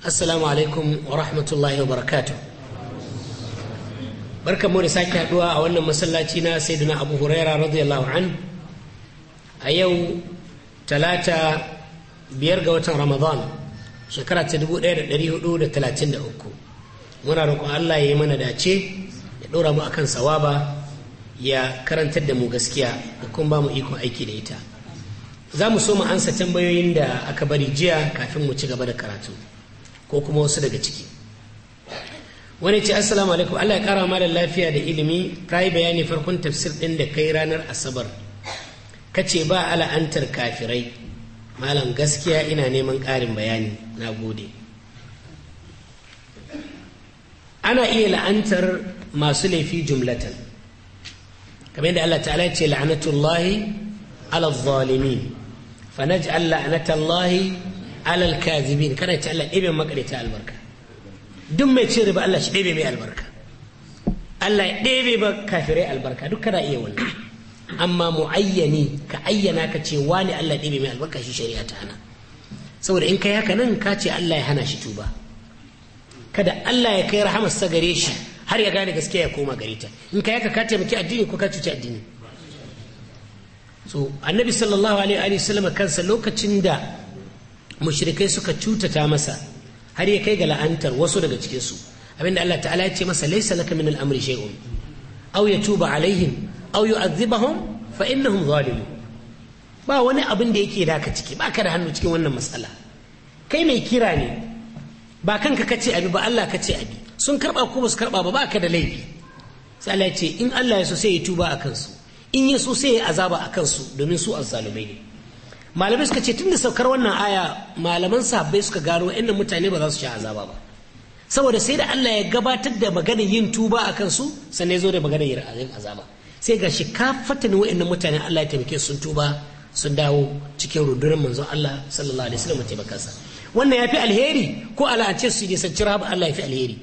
assalamu alaikum wa rahmatullahi wa barakatu barkanmu da sake haduwa a wannan masallaci na sai duna abu huraira radiyallahu an a yau talata biyar ga watan ramadan shekara ta dubu da da da hudu talatin uku muna roƙon allah ya yi mana dace ya ɗora mu akan sawaba ya karantar da mu gaskiya da kuma ba mu ikon aiki da ita za mu so mu ansa tambayoyin da aka bari jiya kafin mu ci gaba da karatu ko kuma wasu daga ciki wani ce assalamu alaikum Allah ya kara malam lafiya da ilimi yi bayani farkon tafsir din da kai ranar asabar kace ba ala'antar kafirai malam gaskiya ina neman ƙarin bayani na gode ana iya la'antar masu laifi jumlatan kamar yadda Allah ta'ala ce la'anatullahi ala zalimin fa naj'al la'anatallahi alal kazibin kada ta Allah ɗebe ta albarka duk mai cin riba Allah shi ɗebe mai albarka Allah ya ɗebe ba kafirai albarka duk kana iya wannan amma mu ayyani ka ayyana ka ce wani Allah ɗebe mai albarka shi shari'a ta hana saboda in kai haka nan ka ce Allah ya hana shi tuba kada Allah ya kai sa gare shi har ya gane gaskiya ya koma gare ta in kai haka ka taimaki addini ko ka cuci addini so annabi sallallahu alaihi wa sallam kansa lokacin da mushrikai suka cutata masa har ya kai ga la'antar wasu daga cikin su abinda Allah ta'ala ya ce masa laisa laka min al alaihin shay'un aw yatuba alaihim aw yu'adhibahum fa innahum zalimun ba wani abin da yake da ka ciki ba ka da hannu cikin wannan matsala kai mai kira ne ba kanka ka ce abi ba Allah ka ce abi sun karba ko ba su karba ba ba ka da laifi sai Allah ya ce in Allah ya so sai ya tuba a kansu in ya so sai ya azaba a kansu domin su azzalumai ne malamai suka ce tun da saukar wannan aya malaman sahabbai suka gano inda mutane ba za su sha azaba ba saboda sai da Allah ya gabatar da maganar yin tuba a kansu sannan ya zo da maganar yin azaba sai ga shi kafatan wa'annan mutane Allah ya taimake sun tuba sun dawo cikin rundunar manzon Allah sallallahu alaihi wasallam taimakansa wannan ya fi alheri ko ala'ace su ne san cira Allah ya fi alheri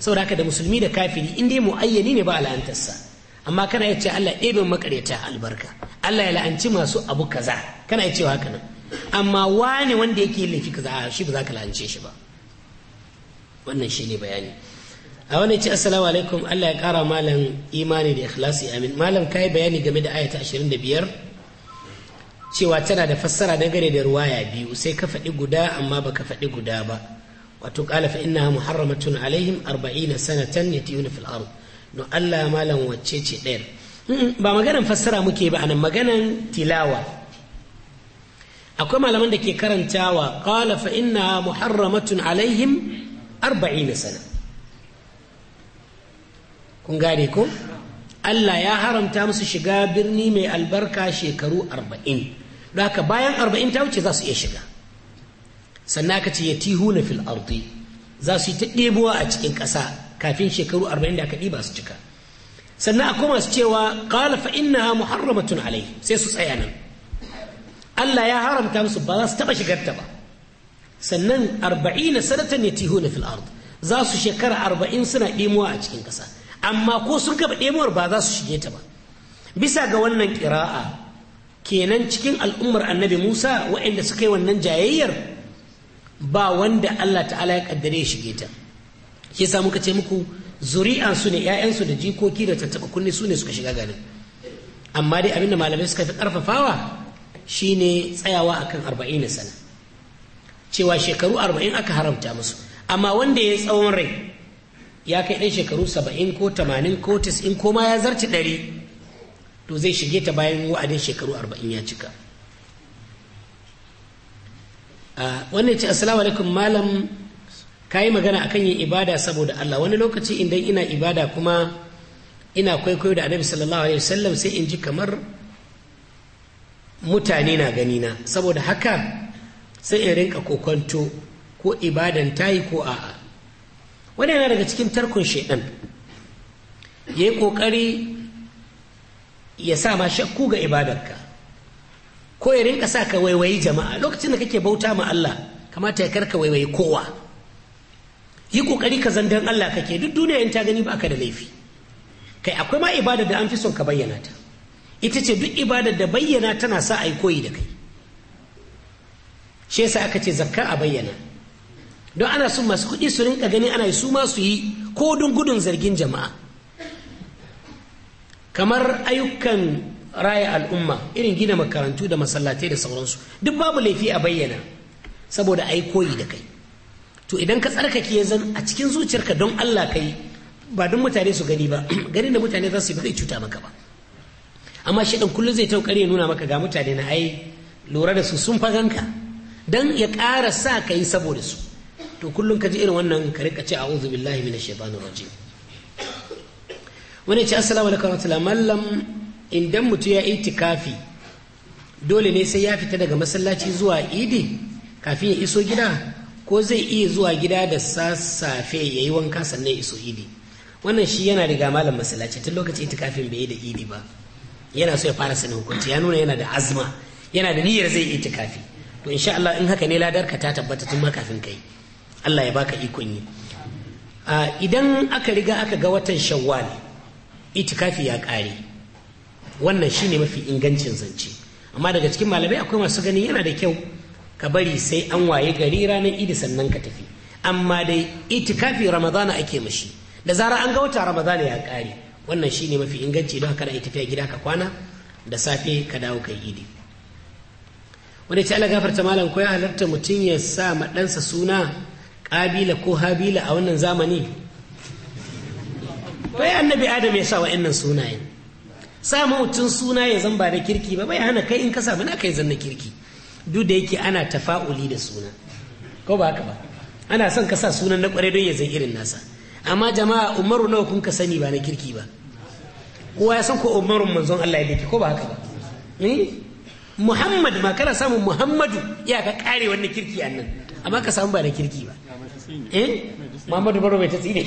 saboda haka da musulmi da kafiri in dai mu'ayyani ne ba al'antarsa amma kana ya ce Allah ɗebe makaryata albarka Allah ya la'anci masu abu kaza kana cewa haka nan amma wani wanda yake laifi kaza shi ba za ka la'ance shi ba wannan shi ne bayani a wani ce assalamu alaikum Allah ya kara malam imani da ikhlasi amin malam kai bayani game da ayata 25 cewa tana da fassara dangane da ruwaya biyu sai ka faɗi guda amma baka faɗi guda ba wato kala fa innaha muharramatun alaihim 40 sanatan yatiuna fil ard no Allah malam wacce ce ɗayar ba maganan fassara muke ba anan maganan tilawa akwai malaman da ke karantawa qala fa inna muharramatun alaihim arba'ina sana kun gane ko Allah ya haramta musu shiga birni mai albarka shekaru arba'in don haka bayan arba'in ta wuce za su iya shiga sannan ka ce ya tihu na fil ardi za su yi ta ɗebowa a cikin ƙasa kafin shekaru arba'in da aka ɗiba su cika sannan akwai masu cewa qala fa innaha muharramatun alai sai su tsaya nan Allah ya haramta musu ba za su taɓa shigar ta ba sannan 40 sanatan na fil ard za su shekara arbain suna ɗimuwa a cikin ƙasa amma ko sun gaba ɗimuwar ba za su shige ta ba bisa ga wannan ƙira'a kenan cikin al'ummar annabi Musa waɗanda suka yi wannan jayayyar ba wanda Allah ta'ala ya kaddare ya shige ta shi yasa muka ce muku zuri'an su ne ƴaƴansu da jikoki da tattaba kunne su ne suka shiga garin amma dai abinda malamai suka fi karfafawa shine tsayawa akan arba'in sana cewa shekaru arba'in aka haramta musu amma wanda ya tsawon rai ya kai ɗan shekaru saba'in ko tamanin ko tis'in ko ma ya zarci ɗari to zai shige ta bayan wa'adin shekaru arba'in ya cika wannan ce assalamu alaikum malam ka yi magana a kan yin ibada saboda Allah wani lokaci idan ina ibada kuma ina kwaikwayo da annabi sallallahu alaihi wasallam sai in ji kamar mutane na gani na saboda haka sai in rinka kokonto ko ibadan tayi ko a'a wani yana daga cikin tarkon shaidan ya yi kokari ya sa ma shakku ga ibadarka ko ya rinka sa ka waiwayi jama'a lokacin da kake bauta ma Allah kamata ya karka waiwayi kowa yi kokari ka zandan Allah kake duk duniya in ta gani ba ka da laifi kai akwai ma ibada da an fi son ka bayyana ta ita ce duk ibada da bayyana tana sa a yi koyi da kai shi yasa aka ce zakka a bayyana don ana son masu kuɗi su rinka gani ana yi su ma su yi ko gudun zargin jama'a kamar ayyukan raya al'umma irin gina makarantu da masallatai da sauransu duk babu laifi a bayyana saboda a yi koyi da kai to idan ka tsarkake ya zan a cikin zuciyarka don Allah kai ba don mutane su gani ba ganin da mutane za su yi ba zai cuta maka ba amma shi dan kullum zai tauka ya nuna maka ga mutane na ai lura da su sun faganka dan ya ƙara sa ka yi saboda su to kullum ka ji irin wannan ka rika ce a'udhu billahi minash shaitanir rajim wani ce assalamu alaikum rahmatullahi mallam idan mutum ya itikafi dole ne sai ya fita daga masallaci zuwa idi kafin ya iso gida ko zai iya zuwa gida da sassafe ya yi wanka sannan iso idi wannan shi yana riga malam masallaci tun lokacin itikafin bai yi da idi ba yana so ya fara sanin hukunci ya nuna yana da azma yana da niyyar zai yi itikafi to insha Allah in haka ne ladar ka ta tabbata tun ma kafin kai Allah ya baka ikon yi idan aka riga aka ga watan shawwal itikafi ya kare wannan shine mafi ingancin zance amma daga cikin malamai akwai masu gani yana da kyau ka bari sai an waye gari ranar idi sannan ka tafi amma dai itikafi ramadana ake mashi da zara an ga wata ramadana ya kare wannan shine mafi inganci don haka da tafiya gida ka kwana da safe ka dawo kai idi wani ce gafar gafarta malam ko ya halarta mutum ya sa ma ɗansa suna ƙabila ko habila a wannan zamani bai annabi adam ya sa wa innan sunayen sa mutum suna ya zamba da kirki ba bai hana kai in ka samu na kai zanna kirki duk da yake ana tafa'uli da suna ko ba haka ba ana son ka sa sunan na kwarai don ya zai irin nasa amma jama'a umaru nawa kun ka sani ba na kirki ba kowa ya san ko umarun manzon Allah ya dake ko ba haka ba eh? Muhammad ma kana samun Muhammadu ya ka kare wannan kirki annan amma ka samu ba na kirki ba eh Muhammadu baro bai ta tsine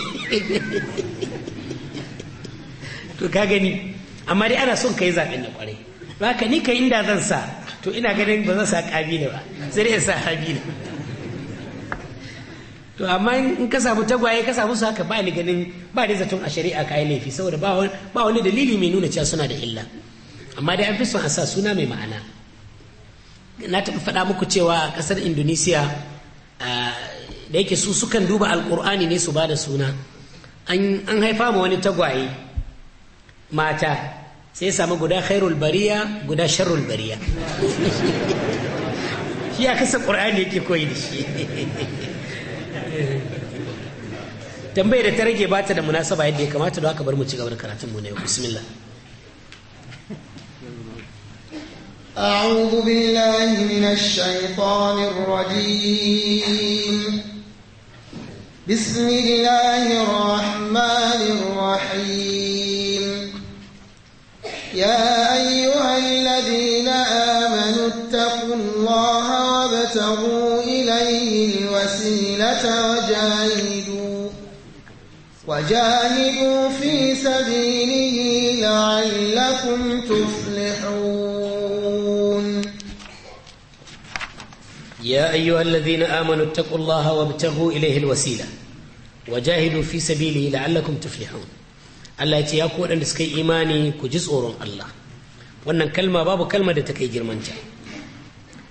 to ka gani amma dai ana son kai zaben na kwarai ka ni kai inda zan sa to ina ganin ba zan sa kabila ba sai iya sa habila to amma in ka samu tagwaye ka samu su haka ba ni ganin ba ni zaton a shari'a ka yi laifi saboda ba wani dalili mai nuna cewa suna da illa amma dai an fi son a sa suna mai ma'ana na taɓa faɗa muku cewa a ƙasar indonesiya da yake su sukan duba alƙur'ani ne su ba da suna an haifa ma wani tagwaye mata sai samu guda khairul bariya guda sharrul bariya shi ya kasa ƙur'ani yake koyi da shi tambayar da ta rage ba ta da munasaba yadda ya kamata da haka bar mu ci gaba da karatun mu na yau bismillah أعوذ بالله من الشيطان الرجيم بسم الله الرحمن الرحيم يا أيها الذين آمنوا اتقوا الله وابتغوا إليه الوسيلة وجاهدوا وجاهدوا في سبيله لعلكم تفلحون يا أيها الذين آمنوا اتقوا الله وابتغوا إليه الوسيلة وجاهدوا في سبيله لعلكم تفلحون Allah ya ce ya ku waɗanda suka yi imani ku ji tsoron Allah wannan kalma babu kalma da ta kai girmanta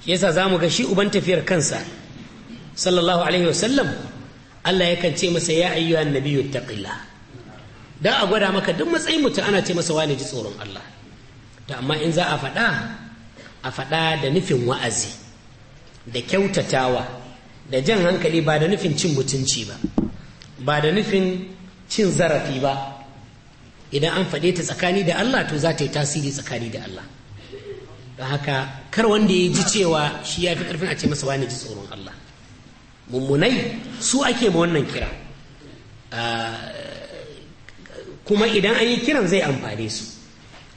yasa za mu ga shi uban tafiyar kansa sallallahu alaihi wasallam Allah yakan ce masa ya ayyuha nabiyyu taqilla da a gwada maka duk matsayin mutum ana ce masa wani ji tsoron Allah to amma in za a faɗa a faɗa da nufin wa'azi da kyautatawa da jan hankali ba da nufin cin mutunci ba ba da nufin cin zarafi ba idan an faɗe ta tsakani da Allah to za ta yi tasiri tsakani da Allah don haka kar wanda ya ji cewa shi ya fi ƙarfin a ce masa wani ji tsoron Allah mummunai su ake ma wannan kira ah, kuma idan an yi kiran zai amfane su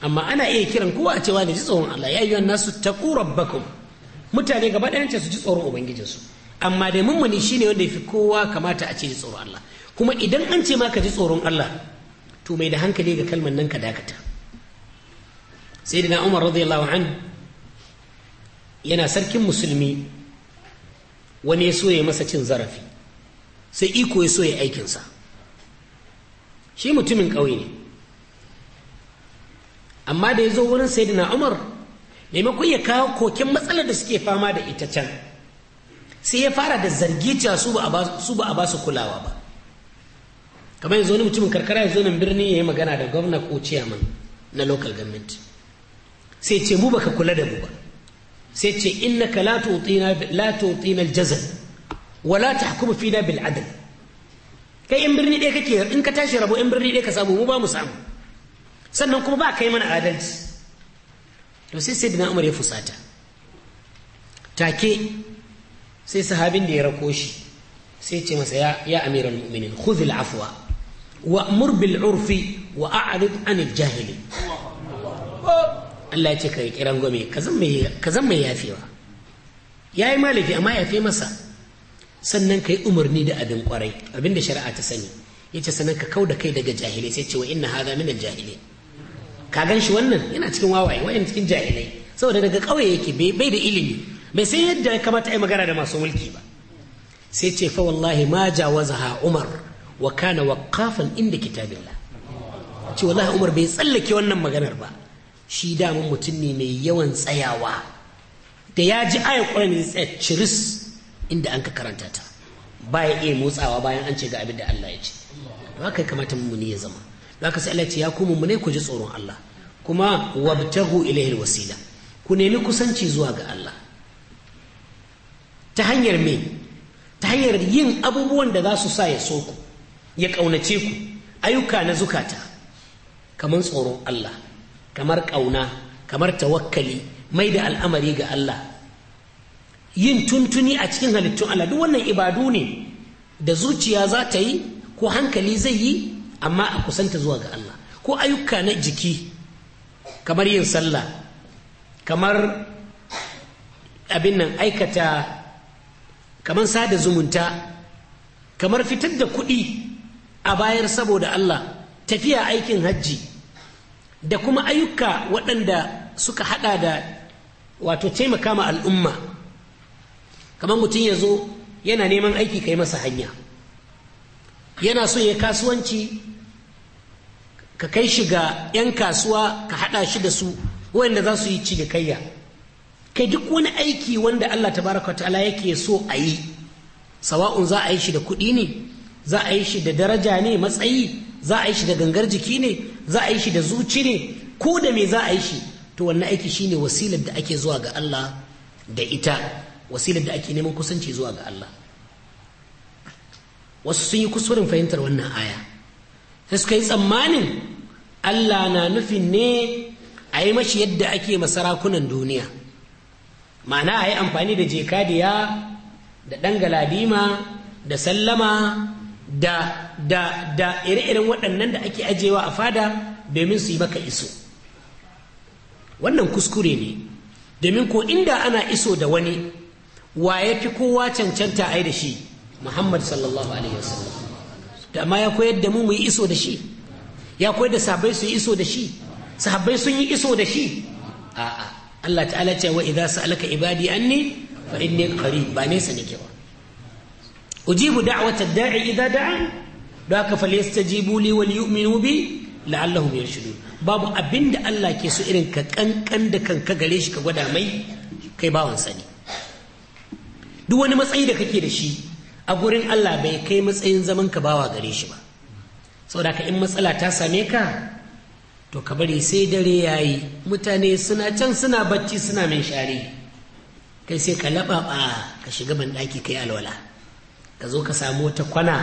amma ana iya kiran kowa a cewa da ji tsoron Allah ya yi wani nasu ta rabbakum mutane gaba ɗayan su ji tsoron ubangijinsu amma dai mummuni shine wanda ya fi kowa kamata a ce ji tsoron Allah kuma idan an ce ma ka ji tsoron Allah to mai da hankali ga kalman nan ka dakata sai da umar radiyallahu an yana sarkin musulmi wani ya so ya masa cin zarafi sai iko ya so ya aikinsa shi mutumin ƙauye ne amma da ya zo wurin sai umar maimakon ya kawo koken matsalar da suke fama da ita can sai ya fara da zargi cewa su ba a basu kulawa ba kamar yanzu wani mutumin karkara ya zo nan birni ya yi magana da gwamna ko ciyaman na local government sai ce mu baka kula da mu ba sai ce innaka la tu'tina la tu'tina al wa la tahkumu fina bil adl kai in birni ɗaya kake in ka tashi rabo in birni ɗaya ka samu mu ba mu samu sannan kuma ba kai mana adalci to sai sayyidina Umar ya fusata take sai sahabin da ya rako shi sai ce masa ya ya amiral mu'minin khudh al-afwa wa'mur bil urfi wa a'rid anil jahili Allah ya ce ka kiran gome ka zan mai yafewa ya yi malafi amma yafe masa sannan ka umarni da abin kwarai abin da shari'a ta sani ya ce sannan ka kau da kai daga jahilai sai ce wa inna haza min jahilai ka gan shi wannan yana cikin wawaye wayan cikin jahilai saboda daga ƙauye yake bai da ilimi bai san yadda ya kamata ya magana da masu mulki ba sai ce fa wallahi ma jawazaha umar wa kana waqafan inda kitabillah ce wallahi Umar bai tsallake wannan maganar ba shi damun mutum ne mai yawan tsayawa da ya ji ayar ƙwarar ne tsaya ciris inda an ka karanta ta baya iya motsawa bayan an ce ga abin da Allah ya ce to kai kamata mu ne ya zama ba ka sai Allah ya ce ya ku ne ku ji tsoron Allah kuma wabtahu ilaihi wasila ku nemi kusanci zuwa ga Allah ta hanyar me ta hanyar yin abubuwan da za su sa ya so ku ya ƙaunace ku ayyuka na zukata kamar tsoron Allah kamar ƙauna kamar tawakkali mai da al'amari ga Allah yin tuntuni a cikin halittun Allah duk wannan ibadu ne da zuciya za ta yi ko hankali zai yi amma a kusanta zuwa ga Allah ko ayyuka na jiki kamar yin sallah kamar abin nan aikata kamar sada zumunta kamar fitar da kuɗi a bayar saboda Allah tafiya aikin hajji da kuma ayyuka waɗanda suka haɗa da wato taimaka ma al'umma kamar mutum ya zo yana neman aiki kai masa hanya yana so ya kasuwanci ka kai shi ga 'yan kasuwa ka haɗa shi da su wanda za su yi ci kayya kai duk wani aiki wanda Allah tabaraka ta'ala yake so a yi sawa'un za a yi shi da kuɗi ne za a yi shi da daraja ne matsayi za a yi shi da gangar jiki ne za a yi shi da zuci ne ko da me za a yi shi to wannan aiki shine wasilar da ake zuwa ga Allah da ita wasilar da ake neman kusanci zuwa ga Allah wasu sun yi kusurin fahimtar wannan aya sai suka yi tsammanin Allah na nufin ne a yi mashi yadda ake masarakunan duniya ma'ana a yi amfani da jekadiya da ɗan galadima da sallama da da da ire-iren waɗannan da ake ajewa a fada domin su yi maka iso wannan kuskure ne domin ko inda ana iso da wani wa ya fi kowa cancanta a da shi muhammad sallallahu alaihi wasallam da ma ya koyar da mu mu yi iso da shi ya koyar da sahabbai su yi iso da shi sahabbai sun yi iso da shi a'a Allah ta'ala ce wa idza sa'alaka ibadi anni fa inni qarib ba nesa nake ba ujibu da'wata da'i idza da'an don haka falyastajibu li wal yu'minu bi la'allahum yarshudun babu abinda Allah ke so irin ka kankan da kanka gareshi ka gwada mai kai bawan sani duk wani matsayi da kake da shi a gurin Allah bai kai matsayin zaman ka bawa gare shi ba saboda ka in matsala ta same ka to ka bari sai dare yayi mutane suna can suna bacci suna min share kai sai ka laɓaɓa ka shiga banɗaki ɗaki kai alwala ka zo ka samu wata kwana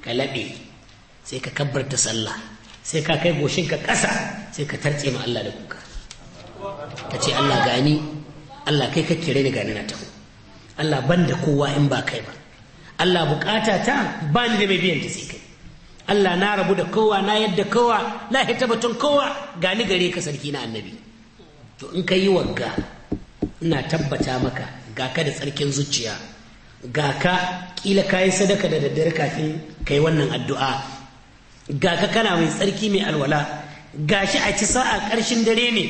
ka laɓe sai ka kabbarta sallah sai ka kai goshin ka ƙasa sai ka tarce ma Allah da kuka ka ce Allah gani Allah kai ka kire ni gani na taho Allah ban da kowa in ba kai ba Allah bukata ta ba ni da mai biyan ta sai kai Allah na rabu da kowa na yadda kowa na hita batun kowa gani gare ka sarki na annabi to in ka yi wagga ina tabbata maka ga ka da tsarkin zuciya ga ka kila ka yi sadaka da daddare kafin ka yi wannan addu'a ga ka kana mai tsarki mai alwala ga shi a ci sa'a ƙarshen dare ne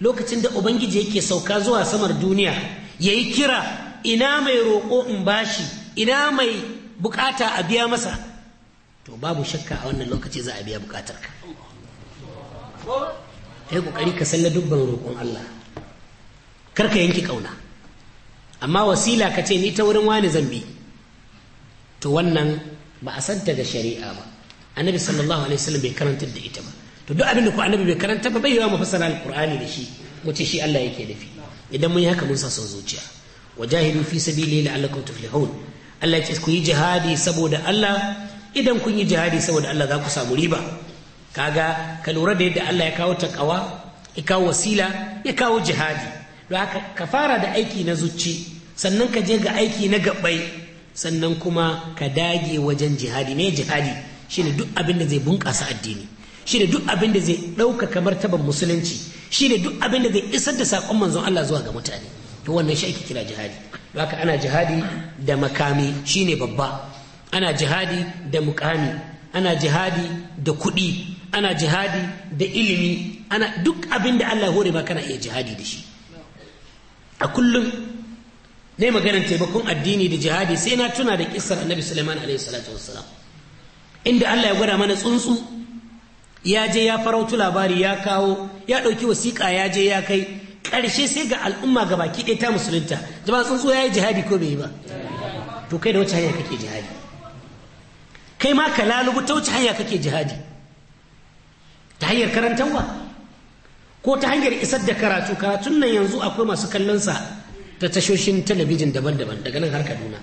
lokacin da ubangiji yake sauka zuwa samar duniya ya yi kira ina mai roƙo in bashi ina mai bukata a biya masa to babu shakka a wannan lokaci za a biya ka. kai kokari ka salla dubban roƙon Allah kar ka yanki ƙauna. amma wasila ka ce ni ta wurin wani zambi to wannan ba a santa da shari'a ba annabi sallallahu alaihi wasallam bai karanta da ita ba to duk abin da ku annabi bai karanta ba bai yawa mafassara alkur'ani da shi wace shi Allah yake nufi idan mun yi haka mun sa son zuciya wajahidu fi sabili la'allakum tuflihun Allah ya ce ku yi jihadi saboda Allah idan kun yi jihadi saboda Allah za ku samu riba kaga ka lura da yadda Allah ya kawo takawa ya kawo wasila ya kawo jihadi ka fara da aiki na zuci sannan ka je ga aiki na gabbai sannan kuma ka dage wajen jihadi ne jihadi shine duk abin da zai bunƙasa addini shine duk abin da zai kamar martaban musulunci shine duk abin da zai isar da saƙon manzon Allah zuwa ga mutane to wannan shi ake kira jihadi haka ana jihadi da makami shine babba ana jihadi da mukami ana jihadi da kuɗi ana jihadi da ilimi ana duk abin da Allah hore ma kana iya jihadi da shi a kullum ne maganar taimakon addini da jihadi sai na tuna da kisar annabi Sulaiman alaihi salatu wassalam inda Allah ya gwada mana tsuntsu ya je ya farautu labari ya kawo ya ɗauki wasiƙa ya je ya kai ƙarshe sai ga al'umma ga baki ɗaya ta musulunta jama'a tsuntsu ya yi jihadi ko bai yi ba to kai da wacce hanya kake jihadi kai ma ka lalubu ta wacce hanya kake jihadi ta hanyar karantarwa ko ta hanyar isar da karatu karatun nan yanzu akwai masu kallon sa ta tashoshin talabijin daban-daban daga nan har kaduna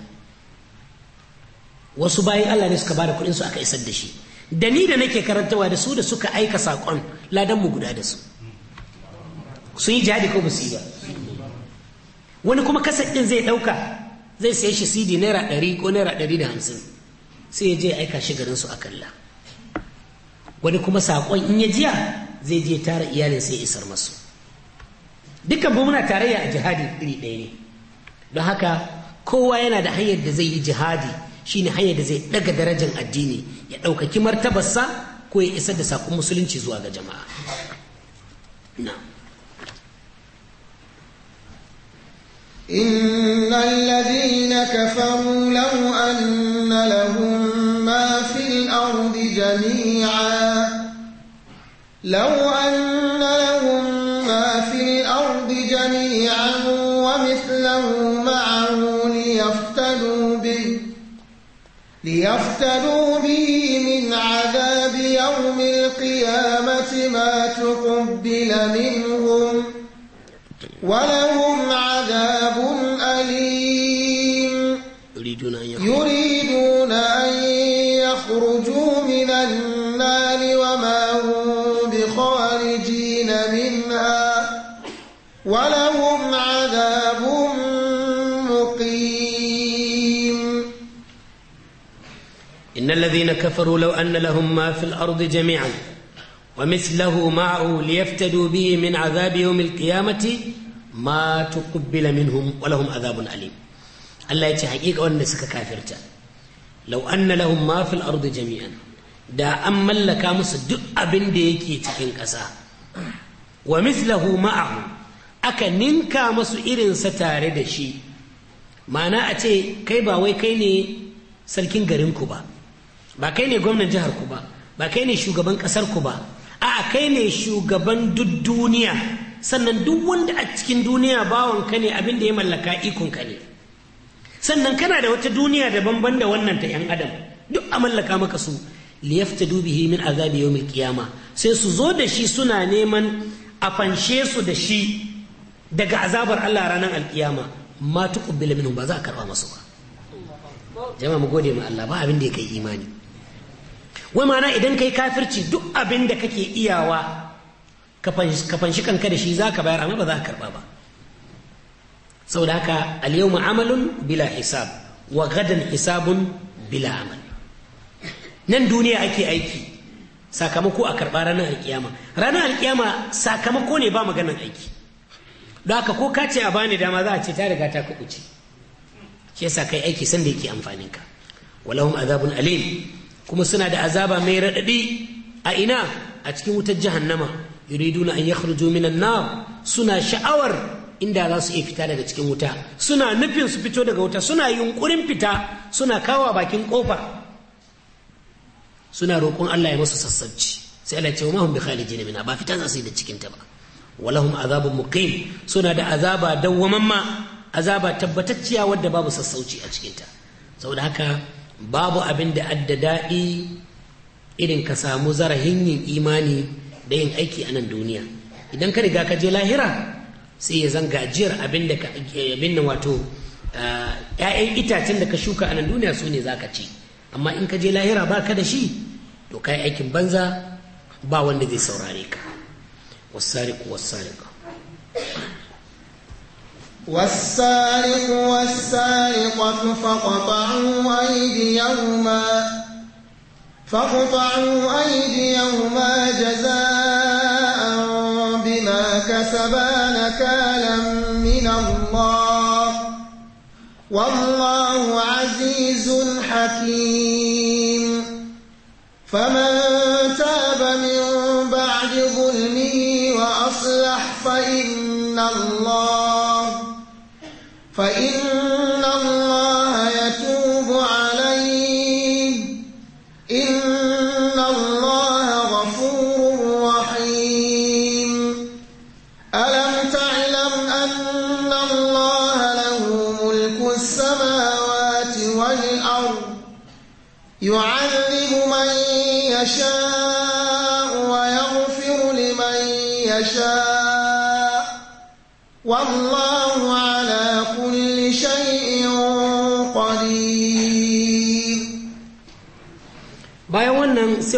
wasu bayan allah ne suka bada kudin su aka isar da shi da ni da nake karantawa da su da suka aika saƙon ladan mu guda da su sun yi jihadi ko musu yi ba wani kuma kasar ɗin zai ɗauka zai saye shi cd naira ɗari ko naira ɗari da hamsin sai ya je aika shi garin su a kalla wani kuma saƙon in ya jiya zai je tara iyalin sai isar masu dukkan mu muna tarayya a jihadi iri ɗaya ne don haka kowa yana da hanyar da zai yi jihadi shine hanyar da zai ɗaga darajar addini ya ɗaukaki martabarsa ko ya isar da saƙon musulunci zuwa ga jama'a إن الذين كفروا لو أن لو أن لهم ما في الأرض جميعا ومثله معه ليفتدوا به ليفتدوا به من عذاب يوم القيامة ما تقبل منهم ولهم عذاب أليم يريدون أن يخرجوا من النار إن الذين كفروا لو أن لهم ما في الأرض جميعا ومثله معه ليفتدوا به من عذاب يوم القيامة ما تقبل منهم ولهم عذاب أليم الله يتي حقيقة وأن سك كافرتا لو أن لهم ما في الأرض جميعا دا أما لك مصدق أبن ديكي تكين كسا ومثله معه أكا ننكا مسئر ستاردشي ma'ana a ce kai ba wai kai ne sarkin garinku ba ba kai ne gwamnan jihar ku ba ba kai ne shugaban kasar ku ba a'a kai ne shugaban duk duniya sannan duk wanda a cikin duniya bawon ka ne abin da ya mallaka ikon ka ne sannan kana da wata duniya daban ban da wannan ta 'yan adam duk a mallaka maka su liyafta bihi min azabi yawmil qiyama sai su zo da shi suna neman a fanshe su da shi daga azabar Allah ranar alkiyama ma tuqbil minhum ba za a karba masu ba jama'a mu gode ma Allah ba abin da ya kai imani wai mana idan kai kafirci duk abin da kake iyawa ka fanshi kanka da shi za ka bayar amma ba za ka karba ba sau da haka aliyu ma'amalun bila hisab wa gadan hisabun bila amal nan duniya ake aiki sakamako a karba ranar alkiyama ranar alkiyama sakamako ne ba maganar aiki da haka ko kace a bani dama za a ce ta riga ta kuɓuce shi yasa kai aiki sanda yake amfanin walahum azabun alim kuma suna da azaba mai raɗaɗi a ina a cikin wutar jahannama yuriduna an yakhruju minan nar suna sha'awar inda za su iya fita daga cikin wuta suna nufin su fito daga wuta suna yunkurin fita suna kawa bakin kofa suna roƙon Allah ya masu sassabci sai Allah ya ce wa mahum bi khalijin mina ba fita za su yi da cikin ta ba walahum azabun muqim suna da azaba dawwamamma azaba tabbatacciya wadda babu sassauci a cikin ta saboda haka babu abin da adda daɗi irin ka samu zarahin yin imani da yin aiki a nan duniya idan ka riga ka je lahira sai ya zanga ajiyar abin da ka abin da wato ƴaƴan itacen da ka shuka a nan duniya su ne za ka ci amma in ka je lahira ba ka da shi to kai aikin banza ba wanda zai saurare ka والسارق والسارقة فقطعوا أيديهما فقطعوا أيديهما جزاء بما كسبا نكالا من الله والله عزيز حكيم فمن تاب من بعد ظلمه وأصلح فإن الله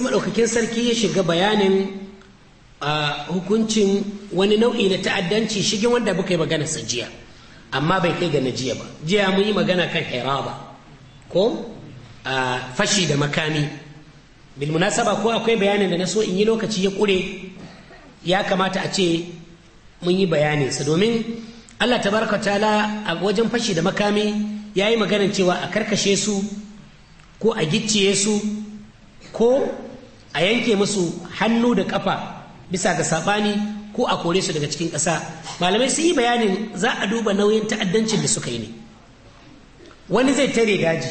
sai maɗaukakin sarki ya shiga bayanin hukuncin wani nau'i na ta'addanci shigin wanda buka yi magana sa jiya amma bai kai ga na jiya ba jiya mun yi magana kan hiraba ko fashi da makami bilmunasaba ko akwai bayanin da na so in yi lokaci ya kure ya kamata a ce mun yi bayaninsa domin allah tabaraka ta'ala a wajen fashi da makami ya yi cewa a karkashe su ko a gicciye su ko a yanke musu hannu da kafa bisa ga saɓani ko a kore su daga cikin ƙasa malamai su yi bayanin za a duba nauyin ta'addancin da suka yi ne wani zai tare daji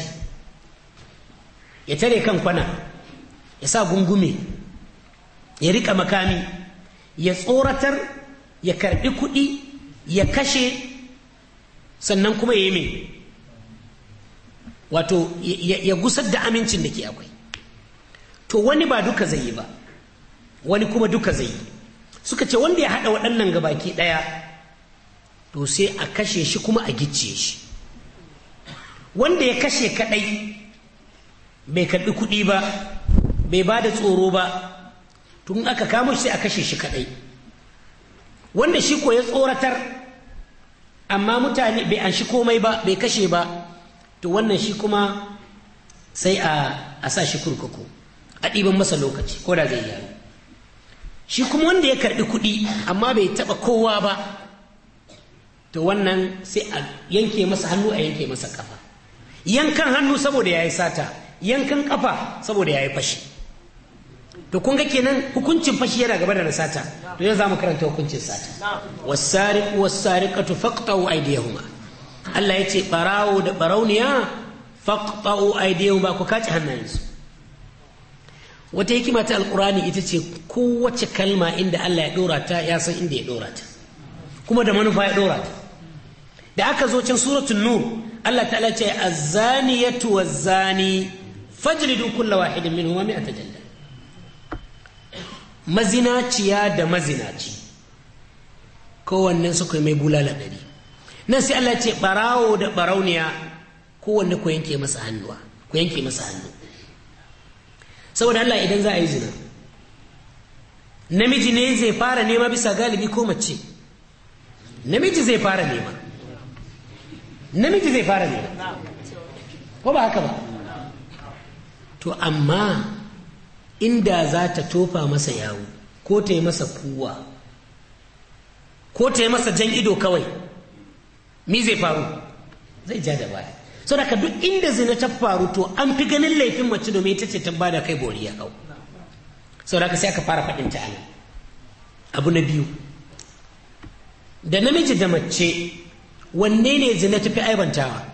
ya tare kan kwana ya sa gungume ya rika makami ya tsoratar ya karbi kuɗi ya kashe sannan kuma ya yi mai wato ya gusar da amincin da ke akwai to wani ba duka zai yi ba wani kuma duka zai yi suka ce wanda ya haɗa waɗannan gabaki ɗaya to sai a kashe shi kuma a gicce shi wanda ya kashe kaɗai bai karɓi kuɗi ba bai ba da tsoro ba tun aka kamo shi sai a kashe shi kaɗai wanda shi ko ya tsoratar amma mutane bai an shi komai ba bai kashe ba to wannan shi kuma sai a sa shi kurkuku a ɗiban masa lokaci ko da zai yi shi kuma wanda ya karɓi kuɗi amma bai taɓa kowa ba to wannan sai a yanke masa hannu a yanke masa ƙafa yankan hannu saboda ya yi sata yankan ƙafa saboda ya yi fashi to kun ga kenan hukuncin fashi yana gaba da na sata to yau za mu karanta hukuncin sata wasariq wasariqatu faqta'u aydiyahuma Allah ya ce barawo da barauniya faqta'u aydiyahuma ku kace hannayensu wata hikima ta alkurani ita ce kowace kalma inda Allah ya dora ta ya san inda ya dora ta kuma da manufa ya dora ta da aka zo can suratun nur Allah ta'ala ce az-zaniyatu tuwa zani fajlidu kulla wahidin a mi'ata jalda mazinaciya da mazinaci kowannen su kai mai bulala dari nan sai Allah ce barawo da barauniya kowanne ku yanke ku yanke masa hannu saboda Allah idan za a yi zina namiji ne zai fara nema bisa galibi ko mace namiji zai fara nema namiji zai fara nema ko ba haka ba to amma inda za ta tofa masa yawo ko ta yi masa kuwa ko ta yi masa jan ido kawai mi zai faru zai ja da baya saboda duk inda zina ta faru to an fi ganin laifin mace domin ita ce ta ba da kai bori ya kau saboda sai aka fara faɗin ta anan abu na biyu da namiji da mace wanne ne zina ta fi aibantawa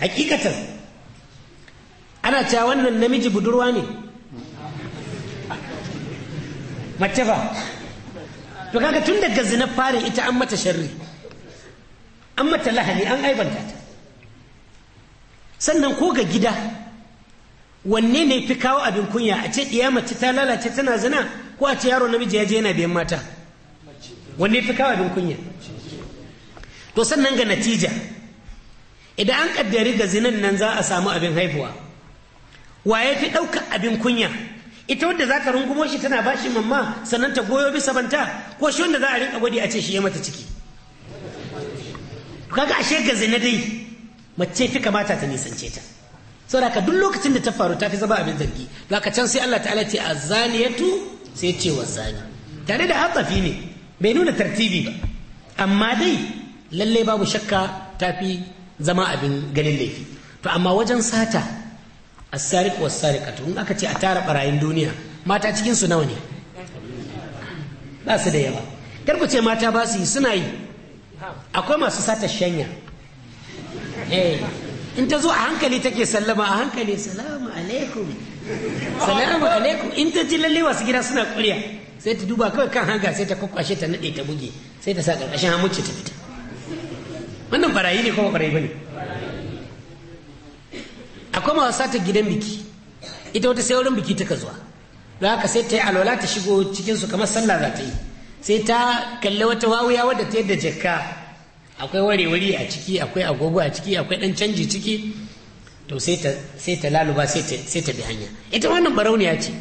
hakikatan ana cewa wannan namiji budurwa ne mace ba. to kaga tun daga zina farin ita an mata sharri an mata lahani an aibanta ta sannan ko ga gida wanne ne fi kawo abin kunya a ce ɗiya mace ta lalace tana zina ko a ce yaro namiji ya je yana biyan mata wanne fi kawo abin kunya to sannan ga natija idan an kaddari ga zinan nan za a samu abin haihuwa wa ya fi ɗaukar abin kunya ita wadda za ka rungumo shi tana ba shi mamma sannan ta goyo bisa banta ko shi wanda za a rinka gwadi a ce shi ya mata ciki kaga ashe ga zina dai mace fi kamata ta nisance ta saboda ka duk lokacin da ta faru ta fi zama abin zargi ka can sai Allah ta'ala ce azaniyatu sai ce wazani tare da hatsafi ne bai nuna tartibi ba amma dai lallai babu shakka ta fi zama abin ganin laifi to amma wajen sata as-sariq in aka ce a tara barayin duniya mata cikin nawa ne ba su da yawa kar ku ce mata ba su yi suna yi akwai masu sata shanya Eh, in ta zo a hankali take sallama a hankali salamu alaikum salamu alaikum in ta ji lalle wasu gida suna kuriya. sai ta duba kawai kan hanga sai ta kwakwashe ta nade ta buge sai ta sa karkashin hamucce ta fita wannan barayi ne kuma barayi bane akwai masu sata gidan biki ita wata sai wurin biki ta zuwa don haka sai ta yi alwala ta shigo cikinsu kamar sallah za ta yi sai ta kalli wata wawuya wadda ta yadda jakka akwai warewari a ciki akwai agogo a ciki akwai dan canji ciki to sai ta laluba sai ta bi hanya ita wannan barauniya ce